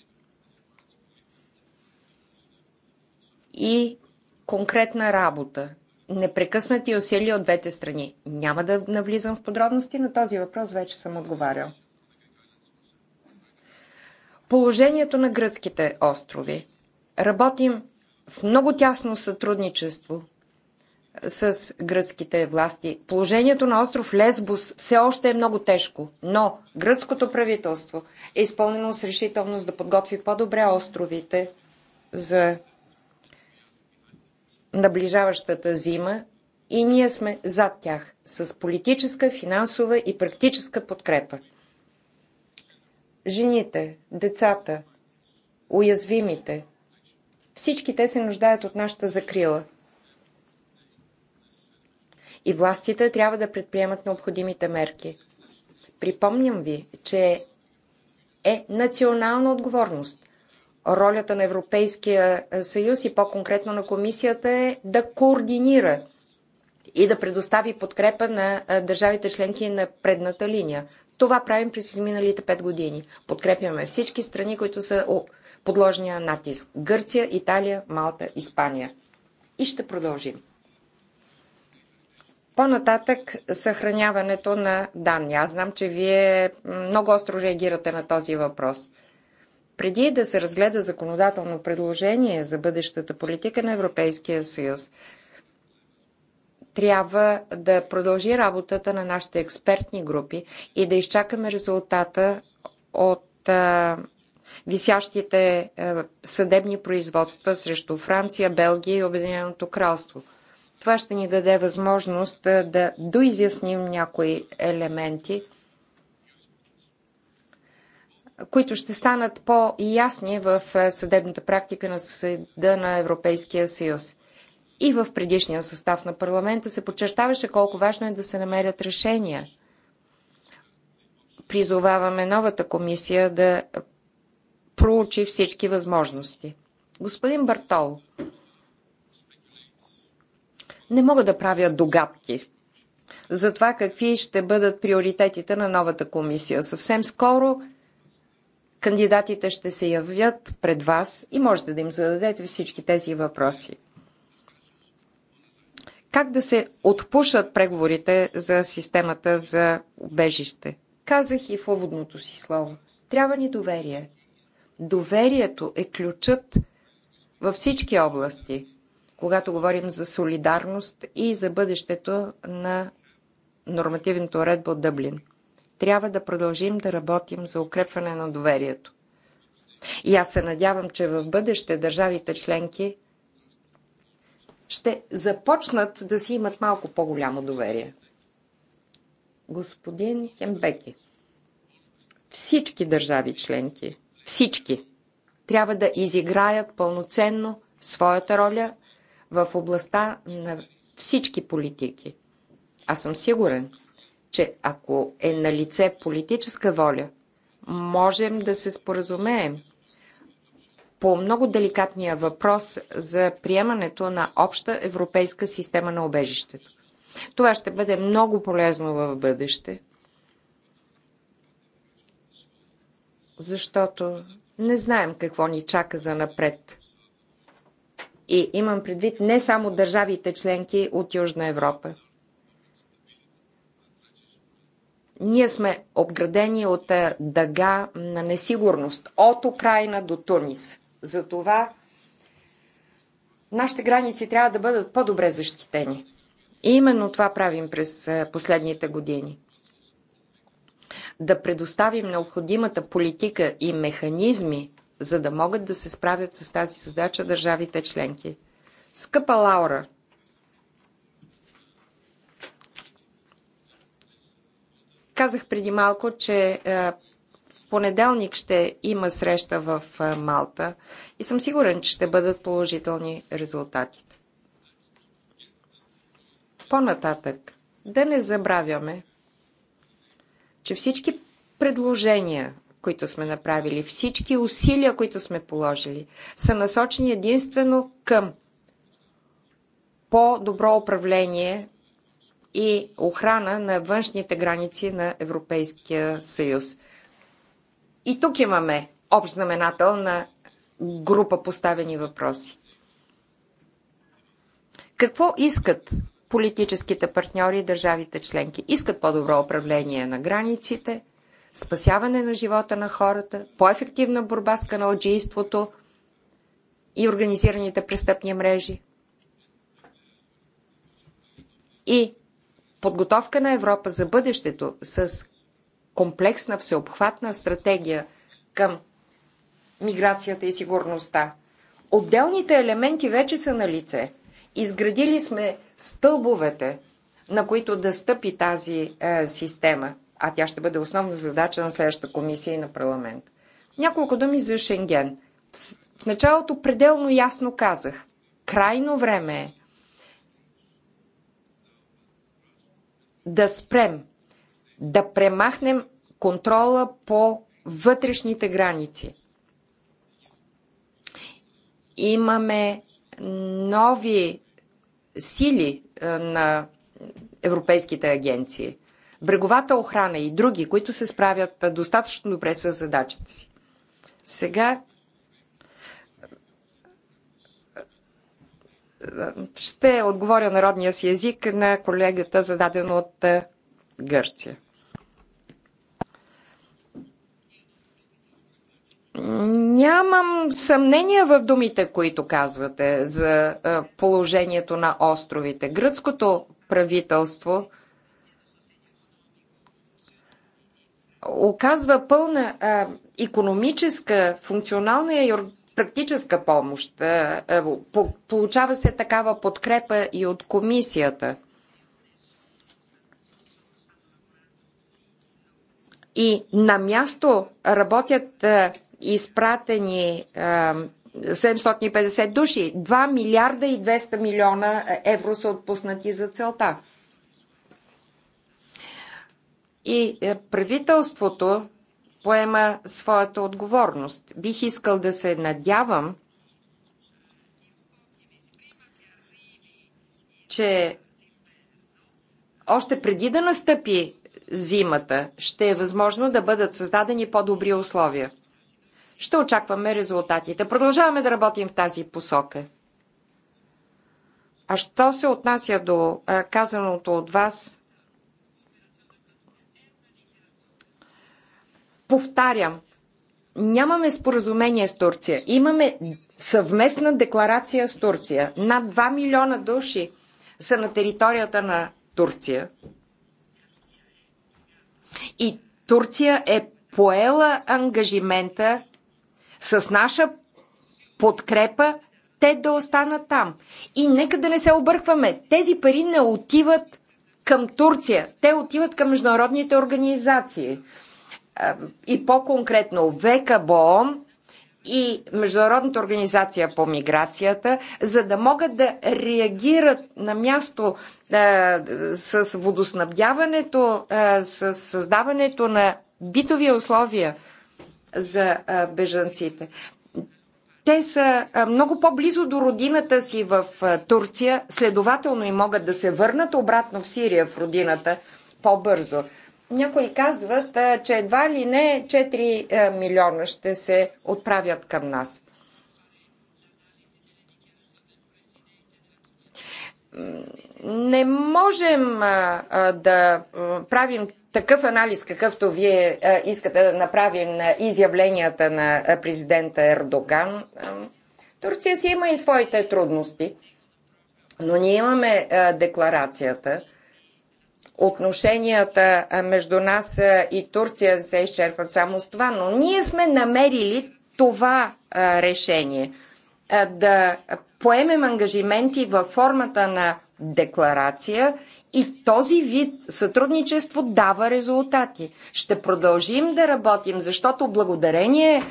и конкретна работа. Непрекъснати усилия от двете страни. Няма да навлизам в подробности, на този въпрос вече съм отговарял. Положението на гръцките острови. Работим в много тясно сътрудничество с гръцките власти. Положението на остров Лесбус все още е много тежко, но гръцкото правителство е изпълнено с решителност да подготви по-добре островите за наближаващата зима и ние сме зад тях с политическа, финансова и практическа подкрепа. Жените, децата, уязвимите, всички те се нуждаят от нашата закрила. И властите трябва да предприемат необходимите мерки. Припомням ви, че е национална отговорност Ролята на Европейския е, съюз и по-конкретно на комисията е да координира и да предостави подкрепа на е, държавите членки на предната линия. Това правим през изминалите 5 години. Подкрепяме всички страни, които са о, подложния натиск. Гърция, Италия, Малта, Испания. И ще продължим. По-нататък съхраняването на данни. Аз знам, че вие много остро реагирате на този въпрос. Преди да се разгледа законодателно предложение за бъдещата политика на Европейския съюз, трябва да продължи работата на нашите експертни групи и да изчакаме резултата от а, висящите а, съдебни производства срещу Франция, Белгия и Обединеното кралство. Това ще ни даде възможност да доизясним някои елементи – които ще станат по-ясни в е, съдебната практика на Съда на Европейския съюз. И в предишния състав на парламента се подчертаваше колко важно е да се намерят решения. Призоваваме новата комисия да проучи всички възможности. Господин Бартол, не мога да правя догадки за това какви ще бъдат приоритетите на новата комисия. Съвсем скоро Кандидатите ще се явят пред вас и можете да им зададете всички тези въпроси. Как да се отпушат преговорите за системата за убежище? Казах и в уводното си слово. Трябва ни доверие. Доверието е ключът във всички области, когато говорим за солидарност и за бъдещето на нормативната уредба от Дъблин трябва да продължим да работим за укрепване на доверието. И аз се надявам, че в бъдеще държавите членки ще започнат да си имат малко по-голямо доверие. Господин Хембеки, всички държави членки, всички, трябва да изиграят пълноценно своята роля в областта на всички политики. Аз съм сигурен, че ако е на лице политическа воля, можем да се споразумеем по много деликатния въпрос за приемането на обща европейска система на обежището. Това ще бъде много полезно в бъдеще, защото не знаем какво ни чака за напред. И имам предвид не само държавите членки от Южна Европа. Ние сме обградени от е, дъга на несигурност от Украина до Тунис. Затова нашите граници трябва да бъдат по-добре защитени. И именно това правим през е, последните години. Да предоставим необходимата политика и механизми, за да могат да се справят с тази задача държавите членки. Скъпа Лаура, Казах преди малко, че е, в понеделник ще има среща в е, Малта и съм сигурен, че ще бъдат положителни резултатите. По-нататък, да не забравяме, че всички предложения, които сме направили, всички усилия, които сме положили, са насочени единствено към по-добро управление и охрана на външните граници на Европейския съюз. И тук имаме общ знаменател на група поставени въпроси. Какво искат политическите партньори и държавите членки? Искат по-добро управление на границите, спасяване на живота на хората, по-ефективна борба с каналджийството и организираните престъпни мрежи. И подготовка на Европа за бъдещето с комплексна всеобхватна стратегия към миграцията и сигурността. Отделните елементи вече са на лице. Изградили сме стълбовете, на които да стъпи тази е, система, а тя ще бъде основна задача на следващата комисия и на парламент. Няколко думи за Шенген. В началото пределно ясно казах, крайно време е да спрем, да премахнем контрола по вътрешните граници. Имаме нови сили на европейските агенции, бреговата охрана и други, които се справят достатъчно добре с задачата си. Сега Ще отговоря народния си език на колегата, зададен от е, Гърция. Нямам съмнение в думите, които казвате за е, положението на островите. Гръцкото правителство оказва пълна а, е, економическа, функционална и практическа помощ. Получава се такава подкрепа и от комисията. И на място работят изпратени 750 души. 2 милиарда и 200 милиона евро са отпуснати за целта. И е, правителството поема своята отговорност. Бих искал да се надявам, че още преди да настъпи зимата, ще е възможно да бъдат създадени по-добри условия. Ще очакваме резултатите. Продължаваме да работим в тази посока. А що се отнася до казаното от вас Повтарям, нямаме споразумение с Турция. Имаме съвместна декларация с Турция. Над 2 милиона души са на територията на Турция. И Турция е поела ангажимента с наша подкрепа те да останат там. И нека да не се объркваме. Тези пари не отиват към Турция. Те отиват към международните организации и по-конкретно ВКБОМ и Международната организация по миграцията, за да могат да реагират на място е, с водоснабдяването, е, с създаването на битови условия за е, бежанците. Те са е, много по-близо до родината си в е, Турция, следователно и могат да се върнат обратно в Сирия, в родината, по-бързо. Някои казват, че едва ли не 4 милиона ще се отправят към нас. Не можем да правим такъв анализ, какъвто вие искате да направим на изявленията на президента Ердоган. Турция си има и своите трудности, но ние имаме декларацията отношенията между нас и Турция се изчерпват само с това, но ние сме намерили това решение да поемем ангажименти във формата на декларация и този вид сътрудничество дава резултати. Ще продължим да работим, защото благодарение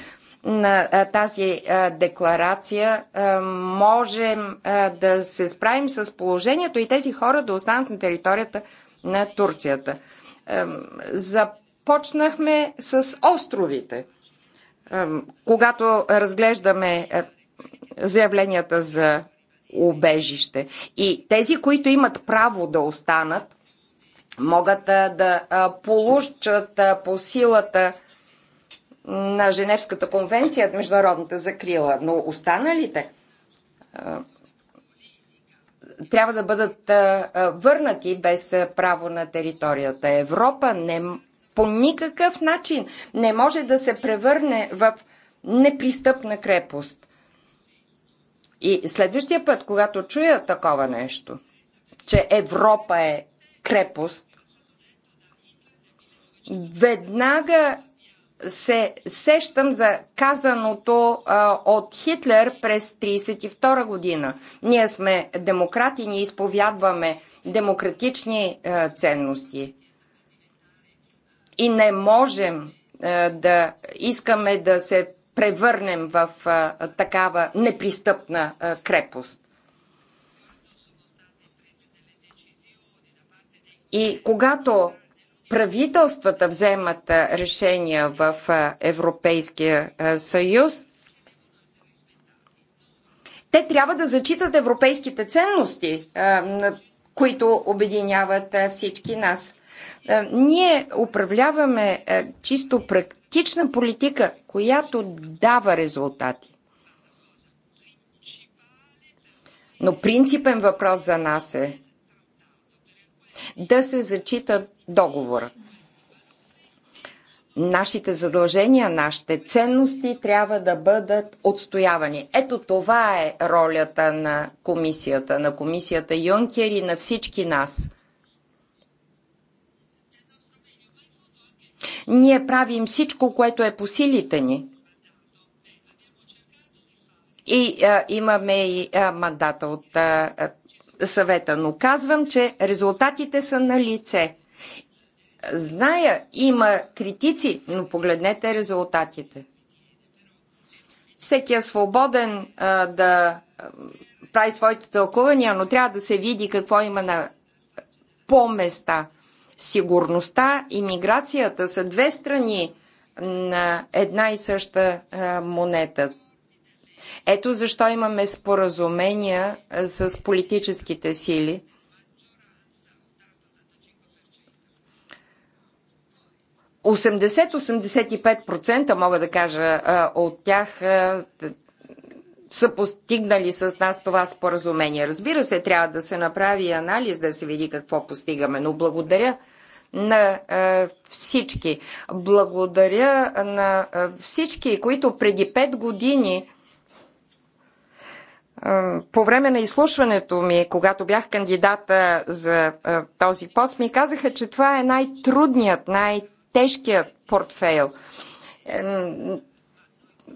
на тази декларация можем да се справим с положението и тези хора да останат на територията на Турцията. Започнахме с островите, когато разглеждаме е, заявленията за убежище. И тези, които имат право да останат, могат е, да е, получат по силата на Женевската конвенция международната закрила, но останалите трябва да бъдат върнати без право на територията. Европа не, по никакъв начин не може да се превърне в непристъпна крепост. И следващия път, когато чуя такова нещо, че Европа е крепост, веднага се сещам за казаното а, от Хитлер през 1932 година. Ние сме демократи, ние изповядваме демократични а, ценности и не можем а, да искаме да се превърнем в а, такава непристъпна а, крепост. И когато правителствата вземат решения в Европейския съюз, те трябва да зачитат европейските ценности, които обединяват всички нас. Ние управляваме чисто практична политика, която дава резултати. Но принципен въпрос за нас е да се зачитат договора. Нашите задължения, нашите ценности трябва да бъдат отстоявани. Ето това е ролята на комисията, на комисията Юнкер и на всички нас. Ние правим всичко, което е по силите ни. И а, имаме и а, мандата от а, съвета. Но казвам, че резултатите са на лице. Зная, има критици, но погледнете резултатите. Всеки е свободен а, да прави своите тълкувания, но трябва да се види какво има на по места. Сигурността и миграцията са две страни на една и съща монета. Ето защо имаме споразумения с политическите сили – 80-85% мога да кажа от тях са постигнали с нас това споразумение. Разбира се, трябва да се направи анализ, да се види какво постигаме, но благодаря на всички. Благодаря на всички, които преди 5 години по време на изслушването ми, когато бях кандидата за този пост, ми казаха, че това е най-трудният, най трудният тежкия портфейл.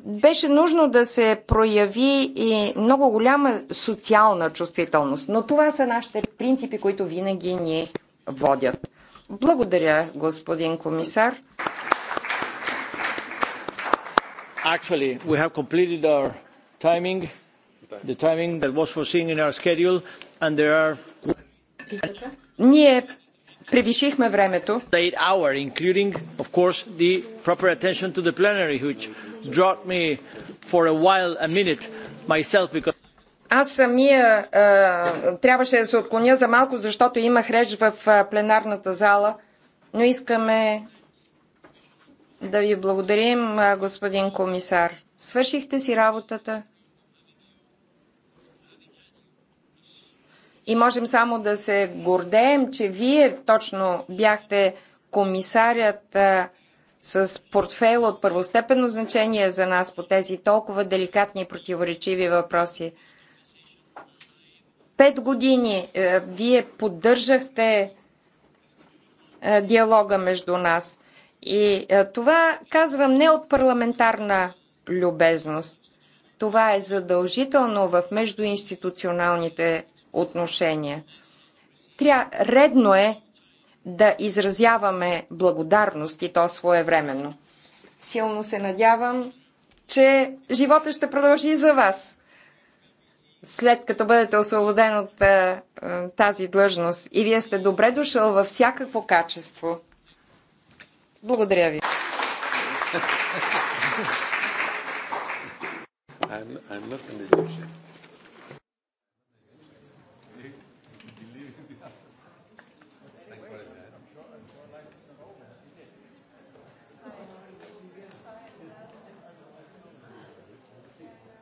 Беше нужно да се прояви и много голяма социална чувствителност, но това са нашите принципи, които винаги ни водят. Благодаря, господин комисар. Actually, we have completed our timing, the timing that was foreseen in our schedule, and there are... Ние Превишихме времето. Hour, including, of course, the proper attention to the plenary, which dropped me for a while, a minute, myself, because аз самия а, трябваше да се отклоня за малко, защото имах реч в пленарната зала, но искаме да ви благодарим, господин комисар. Свършихте си работата. И можем само да се гордеем, че вие точно бяхте комисарят с портфейл от първостепенно значение за нас по тези толкова деликатни и противоречиви въпроси. Пет години е, вие поддържахте е, диалога между нас. И е, това казвам не от парламентарна любезност. Това е задължително в междуинституционалните отношения. Тря, редно е да изразяваме благодарност и то своевременно. Силно се надявам, че живота ще продължи за вас след като бъдете освободен от а, е, е, тази длъжност. И вие сте добре дошъл във всякакво качество. Благодаря ви. I'm, I'm not in the leadership.